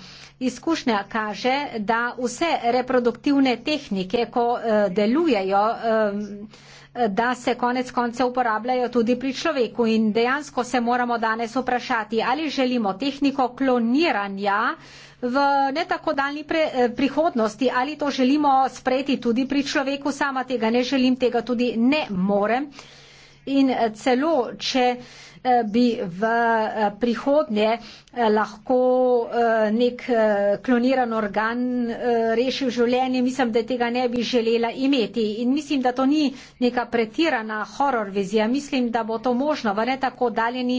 C: izkušnja kaže, da vse reproduktivne tehnike, ko eh, delujejo, eh, da se konec konce uporabljajo tudi pri človeku in dejansko se moramo danes vprašati, ali želimo tehniko kloniranja v ne tako daljni pre, prihodnosti, ali to želimo sprejeti tudi pri človeku, sama tega ne želim, tega tudi ne morem. In eh, celo, če Eh, bi v eh, prihodnje eh, lahko nek kloniran organ rešil življenje. Mislim, da tega ne bi želela imeti. In mislim, da to ni neka pretirana horor vizija. Mislim, da bo to možno v ne tako daljeni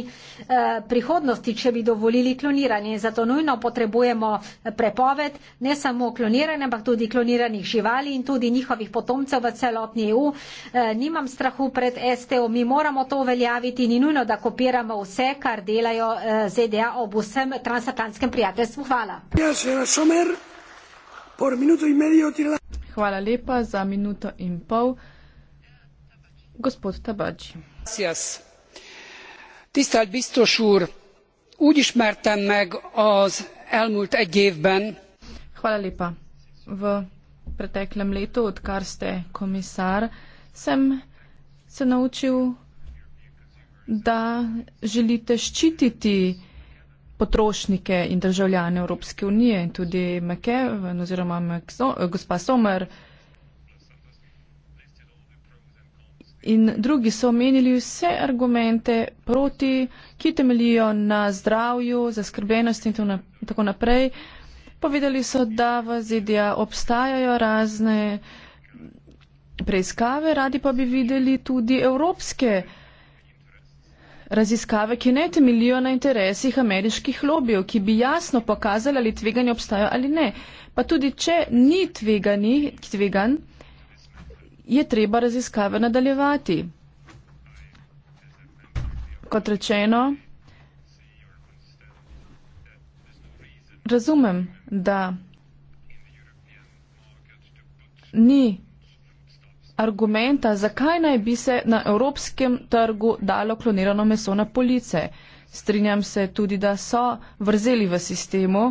C: prihodnosti, če bi dovolili kloniranje. Zato nujno potrebujemo prepoved ne samo kloniranja, ampak tudi kloniranih živali in tudi njihovih potomcev v celotni EU. Nimam strahu pred STO. Mi moramo to uveljaviti in nujno, da ko podpiramo vse, kar delajo eh, ZDA ob vsem transatlantskem prijateljstvu. Hvala.
A: Ja, Hvala lepa za minuto in pol. Gospod Tabači. Tisztelt biztos úr, úgy ismertem meg az elmúlt egy évben. Hvala lepa. V preteklem letu, odkar ste komisár, sem se naučil da želite ščititi potrošnike in državljane Evropske unije in tudi McEwen oziroma McSo gospa Sommer. In drugi so omenili vse argumente proti, ki temelijo na zdravju, zaskrbljenosti in tako naprej. Povedali so, da v ZDA obstajajo razne preiskave, radi pa bi videli tudi evropske uh, raziskave, ki ne temeljijo na interesih ameriških lobijev, ki bi jasno pokazali, ali tveganje obstaja ali ne. Pa tudi, če ni tvegani, tvegan, je treba raziskave nadaljevati. Kot rečeno, razumem, da ni argumenta, zakaj naj bi se na evropskem trgu dalo klonirano meso na police. Strinjam se tudi, da so vrzeli v sistemu.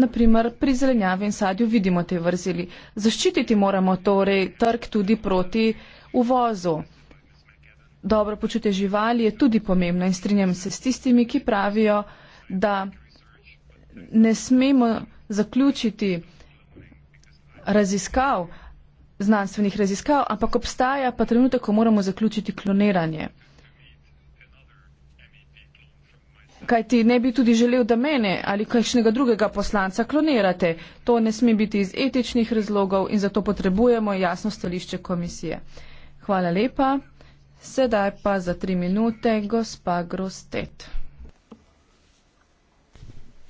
A: Naprimer, pri zelenjavi in sadju vidimo te vrzeli. Zaščititi moramo torej trg tudi proti uvozu. Dobro počutje živali je tudi pomembno in strinjam se s tistimi, ki pravijo, da ne smemo zaključiti raziskav, znanstvenih raziskav, ampak obstaja pa trenutek, ko moramo zaključiti kloniranje. Kaj ti ne bi tudi želel, da mene ali kakšnega drugega poslanca klonirate? To ne sme biti iz etičnih razlogov in zato potrebujemo jasno stališče komisije. Hvala lepa. Sedaj pa za tri minute gospa Grostet.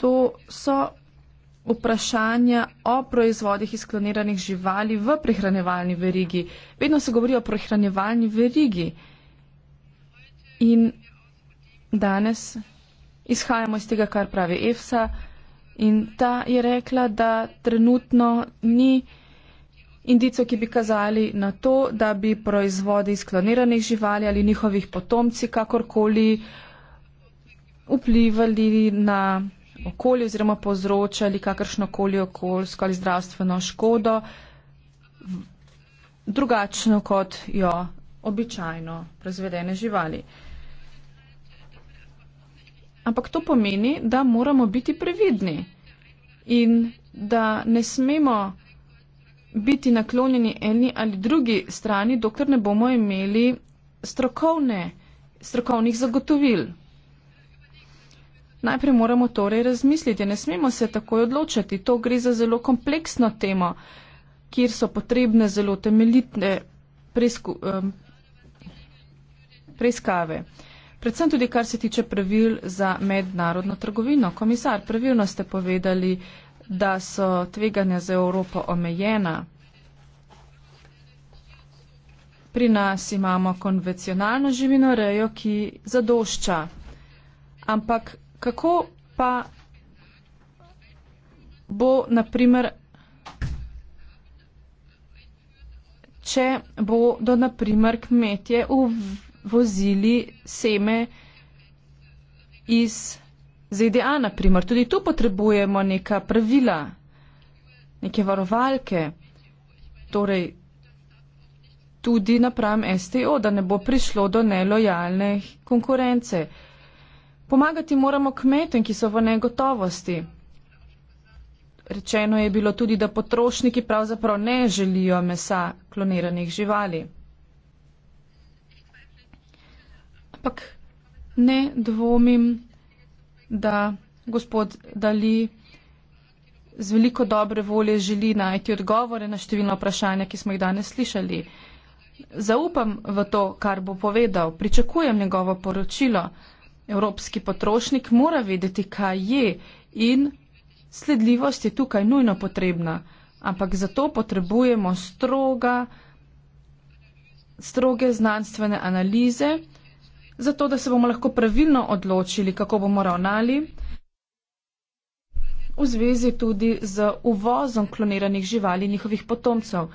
A: to so vprašanja o proizvodih iz kloniranih živali v prehranevalni verigi. Vedno se govori o prehranevalni verigi. In danes izhajamo iz tega, kar pravi EFSA. In ta je rekla, da trenutno ni indico, ki bi kazali na to, da bi proizvodi iz kloniranih živali ali njihovih potomci kakorkoli vplivali na okolje oziroma povzročali kakršno koli okoljsko ali zdravstveno škodo drugačno kot jo običajno proizvedene živali. Ampak to pomeni, da moramo biti previdni in da ne smemo biti naklonjeni eni ali drugi strani, dokler ne bomo imeli strokovne, strokovnih zagotovil. Najprej moramo torej razmisliti, ne smemo se takoj odločiti. To gre za zelo kompleksno temo, kjer so potrebne zelo temeljitne presku, um, preiskave. Predvsem tudi, kar se tiče pravil za mednarodno trgovino. Komisar, pravilno ste povedali, da so tveganja za Evropo omejena. Pri nas imamo konvencionalno živinorejo, ki zadošča. Ampak kako pa bo naprimer, če bodo naprimer kmetje uvozili seme iz ZDA naprimer. Tudi tu potrebujemo neka pravila, neke varovalke, torej tudi napram STO, da ne bo prišlo do nelojalne konkurence. Pomagati moramo kmetem, ki so v negotovosti. Rečeno je bilo tudi, da potrošniki pravzaprav ne želijo mesa kloniranih živali. Ampak ne dvomim, da gospod Dali z veliko dobre volje želi najti odgovore na številna vprašanja, ki smo jih danes slišali. Zaupam v to, kar bo povedal. Pričakujem njegovo poročilo. Evropski potrošnik mora vedeti, kaj je in sledljivost je tukaj nujno potrebna, ampak zato potrebujemo stroga, stroge znanstvene analize, zato da se bomo lahko pravilno odločili, kako bomo ravnali v zvezi tudi z uvozom kloniranih živali in njihovih potomcev.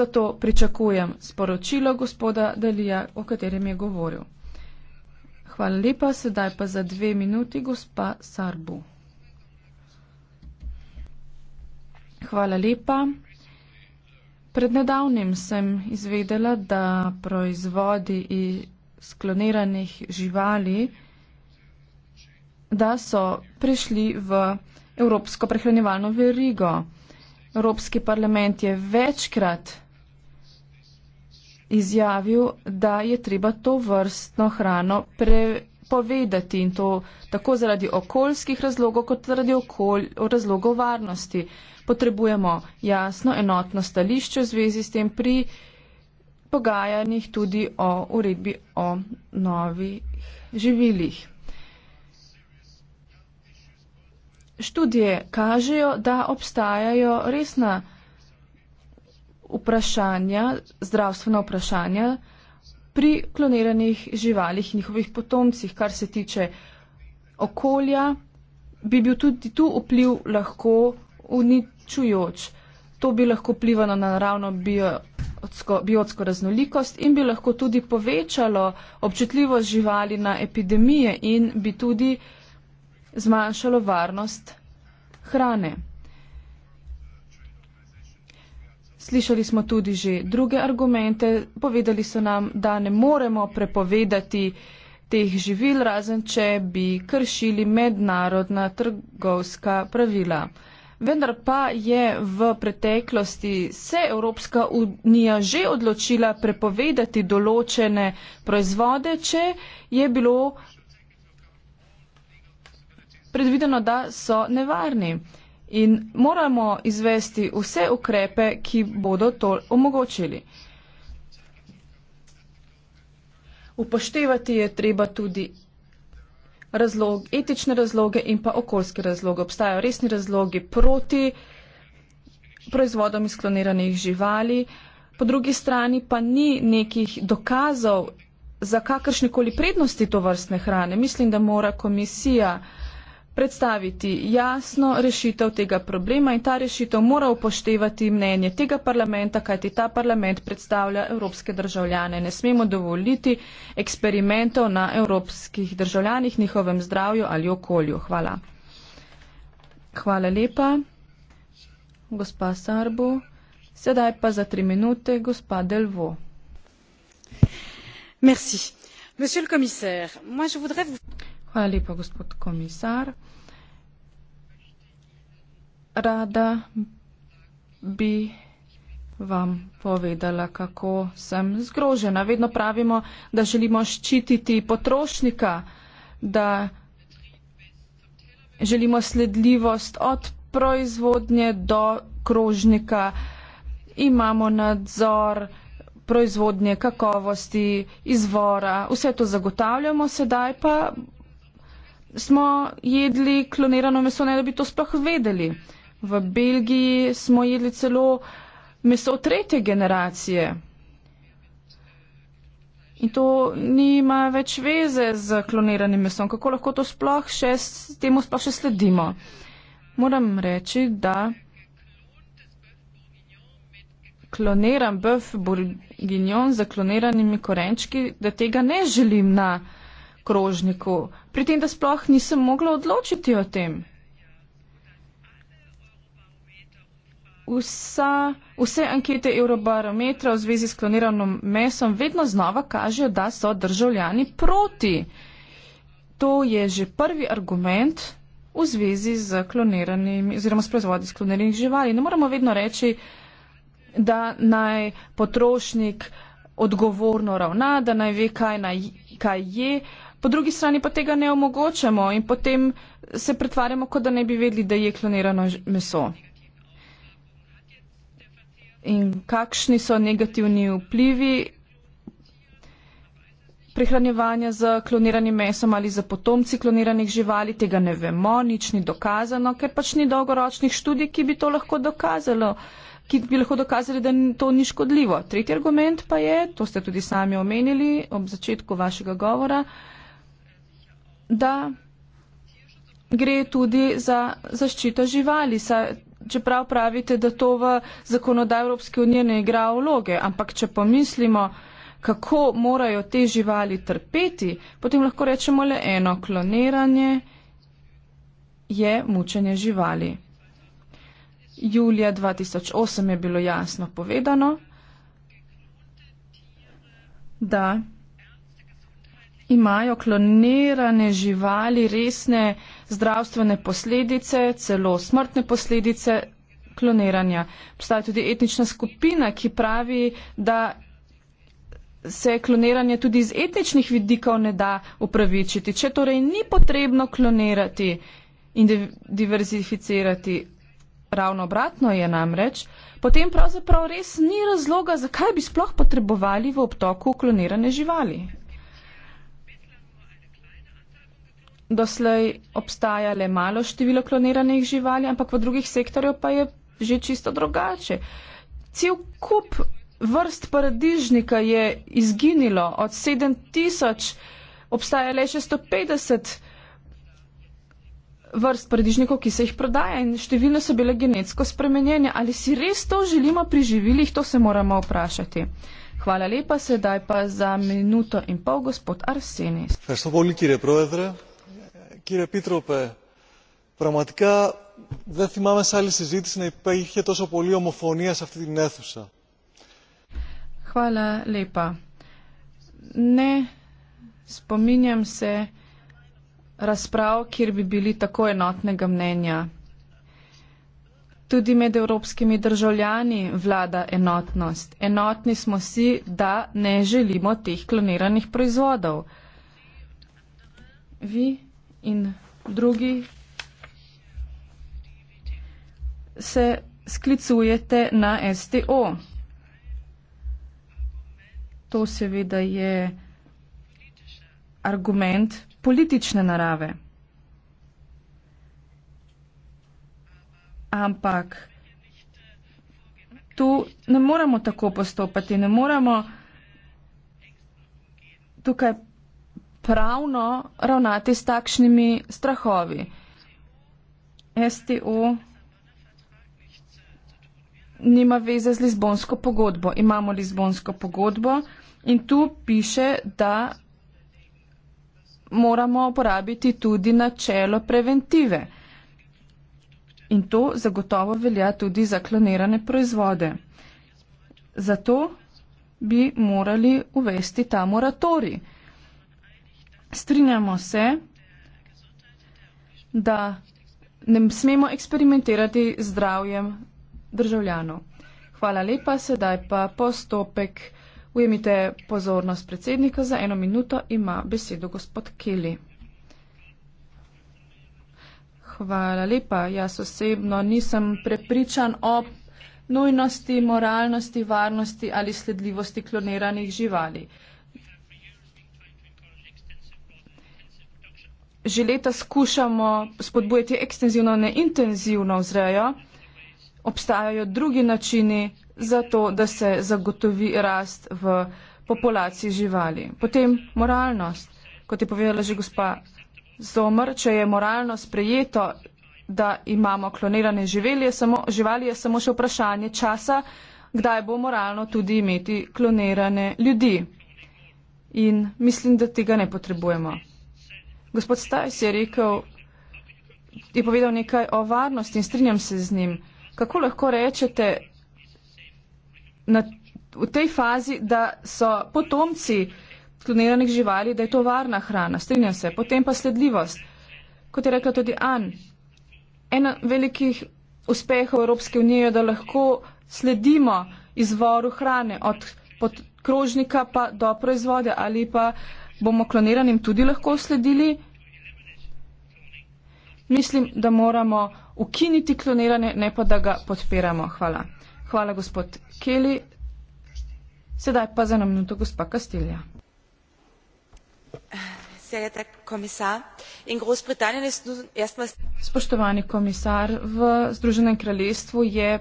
A: Zato pričakujem sporočilo gospoda Dalija, o katerem je govoril. Hvala lepa. Sedaj pa za dve minuti gospa Sarbu. Hvala lepa. Pred nedavnim sem izvedela, da proizvodi iz skloniranih živali, da so prišli v Evropsko prehranjevalno verigo. Evropski parlament je večkrat izjavil, da je treba to vrstno hrano prepovedati in to tako zaradi okoljskih razlogov, kot zaradi okolj, razlogov varnosti. Potrebujemo jasno, enotno stališče v zvezi s tem pri pogajanjih tudi o uredbi o novih živilih. Študije kažejo, da obstajajo resna vprašanja, zdravstvena vprašanja pri kloniranih živalih in njihovih potomcih, kar se tiče okolja, bi bil tudi tu vpliv lahko uničujoč. To bi lahko vplivalo na naravno biotsko, biotsko raznolikost in bi lahko tudi povečalo občutljivost živali na epidemije in bi tudi zmanjšalo varnost hrane. Slišali smo tudi že druge argumente, povedali so nam, da ne moremo prepovedati teh živil, razen če bi kršili mednarodna trgovska pravila. Vendar pa je v preteklosti se Evropska unija že odločila prepovedati določene proizvode, če je bilo predvideno, da so nevarni in moramo izvesti vse ukrepe, ki bodo to omogočili. Upoštevati je treba tudi razlog, etične razloge in pa okoljske razloge. Obstajajo resni razlogi proti proizvodom izkloniranih živali, po drugi strani pa ni nekih dokazov za kakršnekoli prednosti to vrstne hrane. Mislim, da mora komisija uh, predstaviti jasno rešitev tega problema in ta rešitev mora upoštevati mnenje tega parlamenta, kajti ta parlament predstavlja evropske državljane. Ne smemo dovoliti eksperimentov na evropskih državljanih, njihovem zdravju ali okolju. Hvala. Hvala lepa, gospa Sarbo. Sedaj pa za tri minute, gospa Delvo. Merci. Monsieur le commissaire, moi je voudrais vous. Hvala lepa, gospod komisar. Rada bi vam povedala, kako sem zgrožena. Vedno pravimo, da želimo ščititi potrošnika, da želimo sledljivost od proizvodnje do krožnika, imamo nadzor proizvodnje, kakovosti, izvora. Vse to zagotavljamo, sedaj pa smo jedli klonirano meso, ne da bi to sploh vedeli. V Belgiji smo jedli celo meso tretje generacije. In to nima več veze z kloniranim mesom. Kako lahko to sploh še, temu sploh še sledimo? Moram reči, da kloniran bœuf bourguignon z kloniranimi korenčki, da tega ne želim na krožniku, pri tem, da sploh nisem mogla odločiti o tem. Vsa, vse ankete Eurobarometra v zvezi s kloniranim mesom vedno znova kažejo, da so državljani proti. To je že prvi argument v zvezi z kloniranimi oziroma s proizvodi sklonerenih živali. Ne moramo vedno reči, da naj potrošnik odgovorno ravna, da naj ve, kaj, naj, kaj je. Uh, po drugi strani pa tega ne omogočamo in potem se pretvarjamo, kot da ne bi vedeli, da je klonirano meso. In kakšni so negativni vplivi prihranjevanja z kloniranim mesom ali za potomci kloniranih živali, tega ne vemo, nič ni dokazano, ker pač ni dolgoročnih študij, ki bi to lahko dokazalo ki bi lahko dokazali, da to ni škodljivo. Tretji argument pa je, to ste tudi sami omenili ob začetku vašega govora, uh, da gre tudi za zaščito živali. Čeprav pravite, da to v zakonodaj Evropske unije ne igra vloge, ampak če pomislimo, kako morajo te živali trpeti, potem lahko rečemo le eno, kloniranje je mučenje živali. Julija 2008 je bilo jasno povedano, da imajo klonirane živali resne zdravstvene posledice, celo smrtne posledice kloniranja. Obstaja tudi etnična skupina, ki pravi, da se kloniranje tudi iz etničnih vidikov ne da upravičiti. Če torej ni potrebno klonirati in diverzificirati, ravno obratno je namreč, potem pravzaprav res ni razloga, zakaj bi sploh potrebovali v obtoku klonirane živali. doslej obstaja le malo število kloniranih živali, ampak v drugih sektorjev pa je že čisto drugače. Cel kup vrst paradižnika je izginilo, od 7000 obstaja le še 150 vrst paradižnikov, ki se jih prodaja in številne so bile genetsko spremenjene. Ali si res to želimo pri živilih, to se moramo vprašati. Hvala lepa, sedaj pa za minuto in pol gospod Arsenis.
B: Hvala lepa, gospod Arsenis κύριε επίτροπε πραγματικά δεν θυμάμαι σε άλλη συζήτηση να υπήρχε τόσο πολύ ομοφωνία σε αυτή την αίθουσα. Χάλα λίπα.
A: Ναι, spominjam σε razprav, kjer bi bili tako enotnega mnenja. Tudi med evropskimi državljani vlada enotnost. Enotni smo si, da ne želimo teh kloniranih proizvodov. Vi? in drugi se sklicujete na STO. To seveda je argument politične narave. Ampak tu ne moramo tako postopati, ne moramo tukaj pravno ravnati s takšnimi strahovi. STO nima veze z Lizbonsko pogodbo. Imamo Lizbonsko pogodbo in tu piše, da moramo uporabiti tudi načelo preventive. In to zagotovo velja tudi za klonirane proizvode. Zato bi morali uvesti ta moratorij strinjamo se, da ne smemo eksperimentirati z zdravjem državljanov. Hvala lepa, sedaj pa postopek. Ujemite pozornost predsednika, za eno minuto ima besedo gospod Keli. Hvala lepa, jaz osebno nisem prepričan o nujnosti, moralnosti, varnosti ali sledljivosti kloniranih živali. že leta skušamo spodbujati ekstenzivno, ne intenzivno vzrejo. Obstajajo drugi načini za to, da se zagotovi rast v populaciji živali. Potem moralnost. Kot je povedala že gospa Zomr, če je moralno sprejeto, da imamo klonirane živeli, je samo, živali, je samo še vprašanje časa, kdaj bo moralno tudi imeti klonirane ljudi. In mislim, da tega ne potrebujemo. Gospod Stajs je rekel, je povedal nekaj o varnosti in strinjam se z njim. Kako lahko rečete na, v tej fazi, da so potomci kloniranih živali, da je to varna hrana? Strinjam se. Potem pa sledljivost. Kot je rekla tudi An, ena velikih uspehov Evropske unije je, da lahko sledimo izvoru hrane od krožnika pa do proizvode ali pa uh, bomo kloniranim tudi lahko sledili? Mislim, da moramo ukiniti kloniranje, ne pa da ga podpiramo. Hvala. Hvala, gospod Keli. Sedaj pa za nam minuto gospa Kastilja. Spoštovani komisar, v Združenem kraljestvu je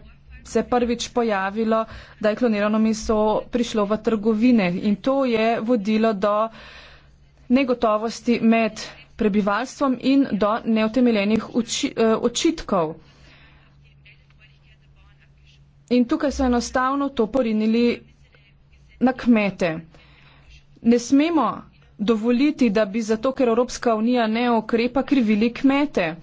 A: se prvič pojavilo, da je klonirano meso prišlo v trgovine in to je vodilo do negotovosti med prebivalstvom in do neutemeljenih eh, očitkov. In tukaj so enostavno to porinili na kmete. Ne smemo dovoliti, da bi zato, ker Evropska unija ne okrepa, krivili kmete.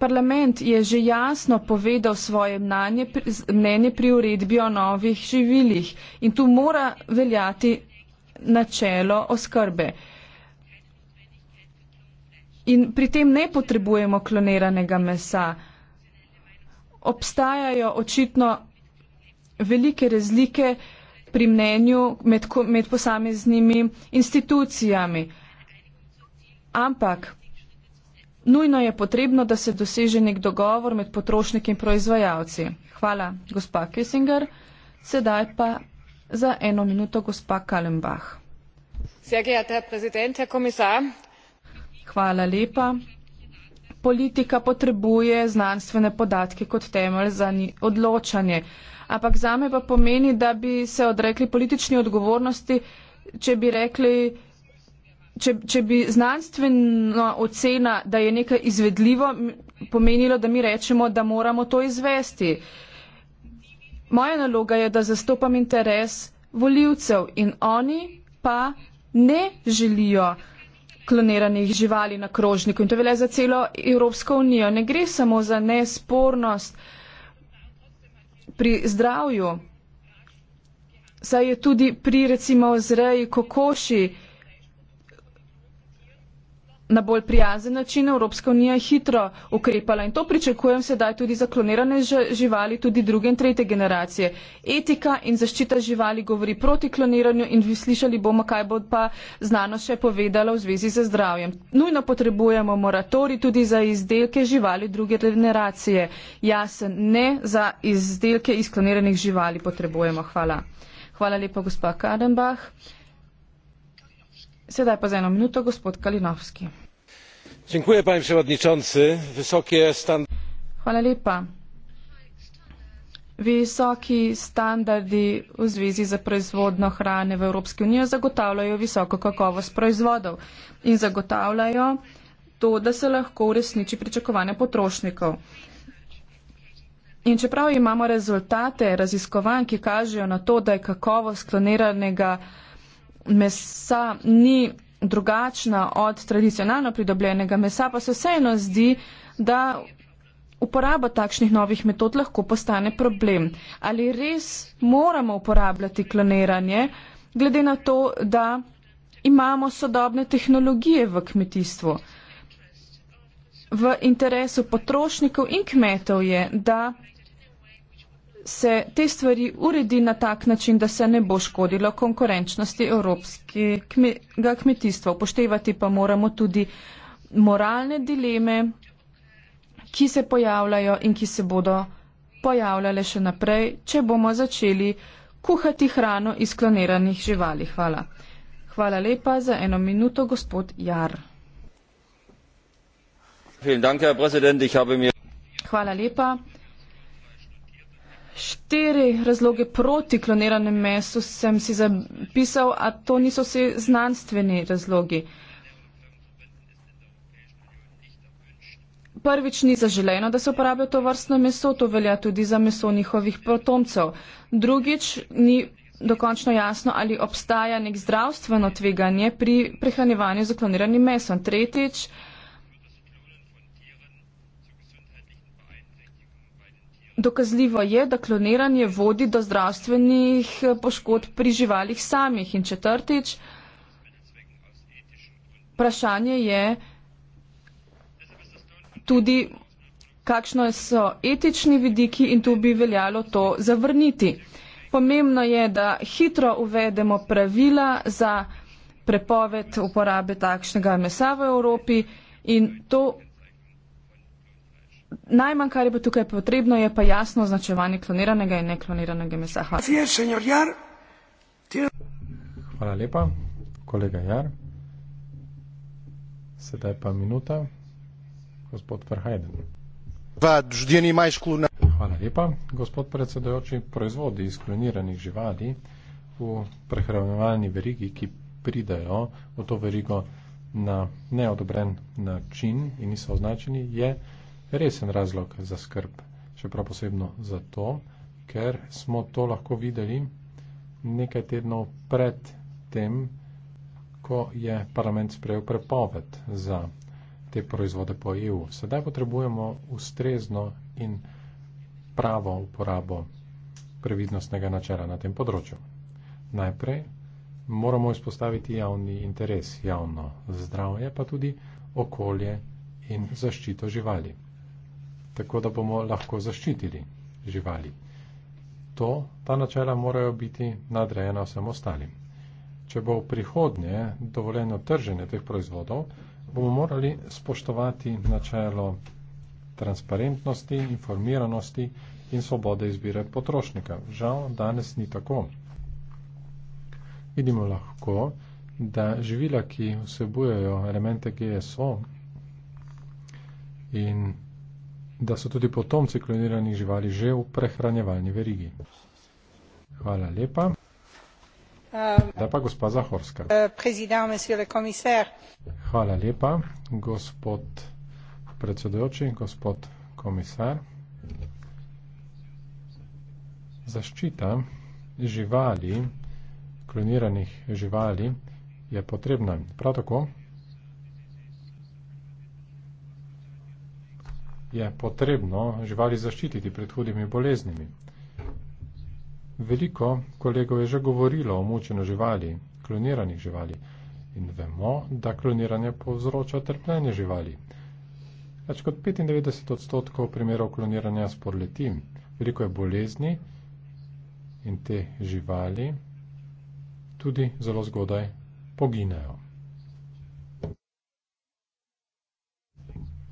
A: parlament je že jasno povedal svoje mnanje, mnenje pri uredbi o novih živilih in tu mora veljati načelo oskrbe. In pri tem ne potrebujemo kloniranega mesa. Obstajajo očitno velike razlike pri mnenju med, med posameznimi institucijami. Ampak Nujno je potrebno, da se doseže nek dogovor med potrošniki in proizvajalci. Hvala, gospa Kissinger. Sedaj pa za eno minuto gospa Kalembach. Hvala lepa. Politika potrebuje znanstvene podatke kot temelj za odločanje. Ampak zame pa pomeni, da bi se odrekli politični odgovornosti, če bi rekli, če, če bi znanstvena ocena, da je nekaj izvedljivo, pomenilo, da mi rečemo, da moramo to izvesti. Moja naloga je, da zastopam interes voljivcev in oni pa ne želijo kloniranih živali na krožniku. In to velja za celo Evropsko unijo. Ne gre samo za nespornost pri zdravju. Saj je tudi pri recimo vzreji kokoši na bolj prijazen način Evropska unija hitro ukrepala in to pričakujem sedaj tudi za klonirane živali, tudi druge in trete generacije. Etika in zaščita živali govori proti kloniranju in slišali bomo, kaj bo pa znano še povedala v zvezi z zdravjem. Nujno potrebujemo moratori tudi za izdelke živali druge generacije. Jasen, ne za izdelke iz kloniranih živali potrebujemo. Hvala. Hvala lepa, gospa Kadenbach. Sedaj pa za eno minuto gospod Kalinovski.
B: Dziękuję, panie przewodniczący. Wysokie stand...
A: Hvala lepa. Visoki standardi v zvezi za proizvodno hrane v Evropski uniji zagotavljajo visoko kakovost proizvodov in zagotavljajo to, da se lahko uresniči pričakovanja potrošnikov. In čeprav imamo rezultate raziskovanj, ki kažejo na to, da je kakovost kloniranega proizvoda, mesa ni drugačna od tradicionalno pridobljenega mesa, pa se vseeno zdi, da uporaba takšnih novih metod lahko postane problem. Ali res moramo uporabljati kloniranje, glede na to, da imamo sodobne tehnologije v kmetijstvu? V interesu potrošnikov in kmetov je, da se te stvari uredi na tak način, da se ne bo škodilo konkurenčnosti evropskega kmetijstva. Upoštevati pa moramo tudi moralne dileme, ki se pojavljajo in ki se bodo pojavljale še naprej, če bomo začeli kuhati hrano iz kloniranih živali. Hvala. Hvala lepa za eno minuto, gospod Jar. Hvala lepa. Štiri razloge proti kloniranem mesu sem si zapisal, a to niso vsi znanstveni razlogi. Prvič ni zaželeno, da se uporablja to vrstno meso, to velja tudi za meso njihovih potomcev. Drugič ni dokončno jasno, ali obstaja nek zdravstveno tveganje pri prehranjevanju z kloniranim mesom. Tretjič. Dokazljivo je, da kloniranje vodi do zdravstvenih eh, poškodb pri živalih samih. In četrtič, vprašanje je tudi, kakšno so etični vidiki in tu bi veljalo to zavrniti. Pomembno je, da hitro uvedemo pravila za prepoved uporabe takšnega mesa v Evropi in to najmanj, kar je tukaj potrebno, je pa jasno označevanje kloniranega in nekloniranega mesa. Hvala.
B: Hvala lepa, kolega Jar. Sedaj pa minuta, gospod Verhajden. Hvala lepa, gospod predsedojoči. Proizvodi iz kloniranih živali v prehranjevalni verigi, ki pridajo v to verigo na neodobren način in niso označeni, je resen razlog za skrb, še prav posebno zato, ker smo to lahko videli nekaj tednov pred tem, ko je parlament sprejel prepoved za te proizvode po EU. Sedaj potrebujemo ustrezno in pravo uporabo previdnostnega načela na tem področju. Najprej moramo izpostaviti javni interes, javno zdravje, pa tudi okolje in zaščito živali tako da bomo lahko zaščitili živali. To, ta načela morajo biti nadrejena vsem ostalim. Če bo v prihodnje dovoljeno trženje teh proizvodov, bomo morali spoštovati načelo transparentnosti, informiranosti in svobode izbire potrošnika. Žal, danes ni tako. Vidimo lahko, da živila, ki vsebujejo elemente GSO in da so tudi potomci kloniranih živali že v prehranjevalni verigi. Hvala lepa.
C: Um, da pa
B: gospa Zahorska.
C: Uh,
B: Hvala lepa, gospod predsedujoči, gospod komisar. Zaščita živali, kloniranih živali, je potrebna. Prav tako je potrebno živali zaščititi pred hudimi boleznimi. Veliko kolegov je že govorilo o mučenju živali, kloniranih živali in vemo, da kloniranje povzroča trpljenje živali. Več kot 95 odstotkov primerov kloniranja sporleti. Veliko je bolezni in te živali tudi zelo zgodaj poginejo.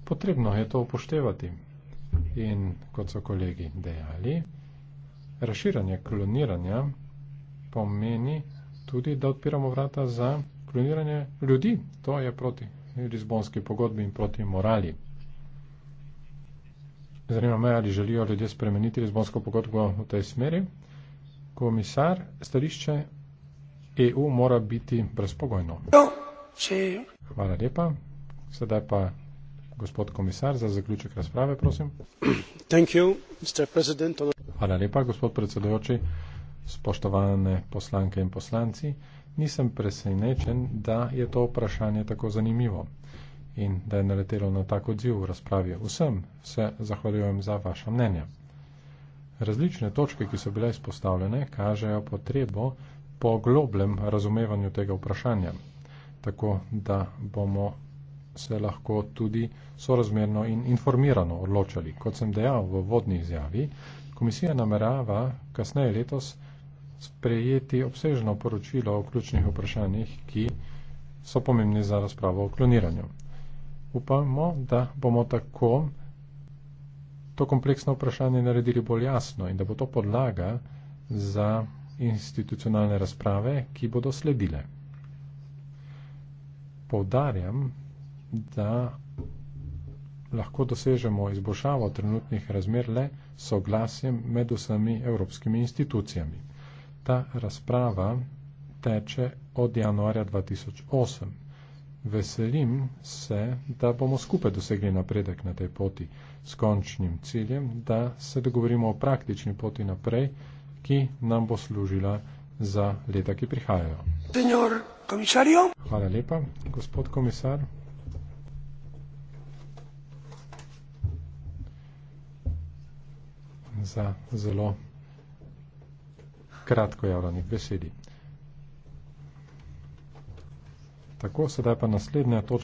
B: Potrebno je to upoštevati. In kot so kolegi dejali, raširanje kloniranja pomeni tudi, da odpiramo vrata za kloniranje ljudi. To je proti Lizbonski pogodbi in proti morali. Zanima me, ali želijo ljudje spremeniti Lizbonsko pogodbo v tej smeri. Komisar, stališče EU mora biti brezpogojno. No, Hvala lepa. Sedaj pa Gospod komisar, za zaključek razprave, prosim. You, Hvala lepa, gospod predsedujoči, spoštovane poslanke in poslanci. Nisem presenečen, da je to vprašanje tako zanimivo in da je naletelo na tak odziv v razpravi. Vsem se zahvaljujem za vaša mnenja. Različne točke, ki so bile izpostavljene, kažejo potrebo po globlem razumevanju tega vprašanja, tako da bomo se lahko tudi sorazmerno in informirano odločali. Kot sem dejal v vodni izjavi, komisija namerava kasneje letos sprejeti obsežno poročilo o ključnih vprašanjih, ki so pomembni za razpravo o kloniranju. Upamo, da bomo tako to kompleksno vprašanje naredili bolj jasno in da bo to podlaga za institucionalne razprave, ki bodo sledile. Poudarjam, da lahko dosežemo izboljšavo trenutnih razmer le soglasjem med vsemi evropskimi institucijami. Ta razprava teče od januarja 2008. Veselim se, da bomo skupaj dosegli napredek na tej poti s končnim ciljem, da se dogovorimo o praktični poti naprej, ki nam bo služila za leta, ki prihajajo. Hvala lepa, gospod komisar. za zelo kratko javljanje besedi. Tako, sedaj pa naslednja točka.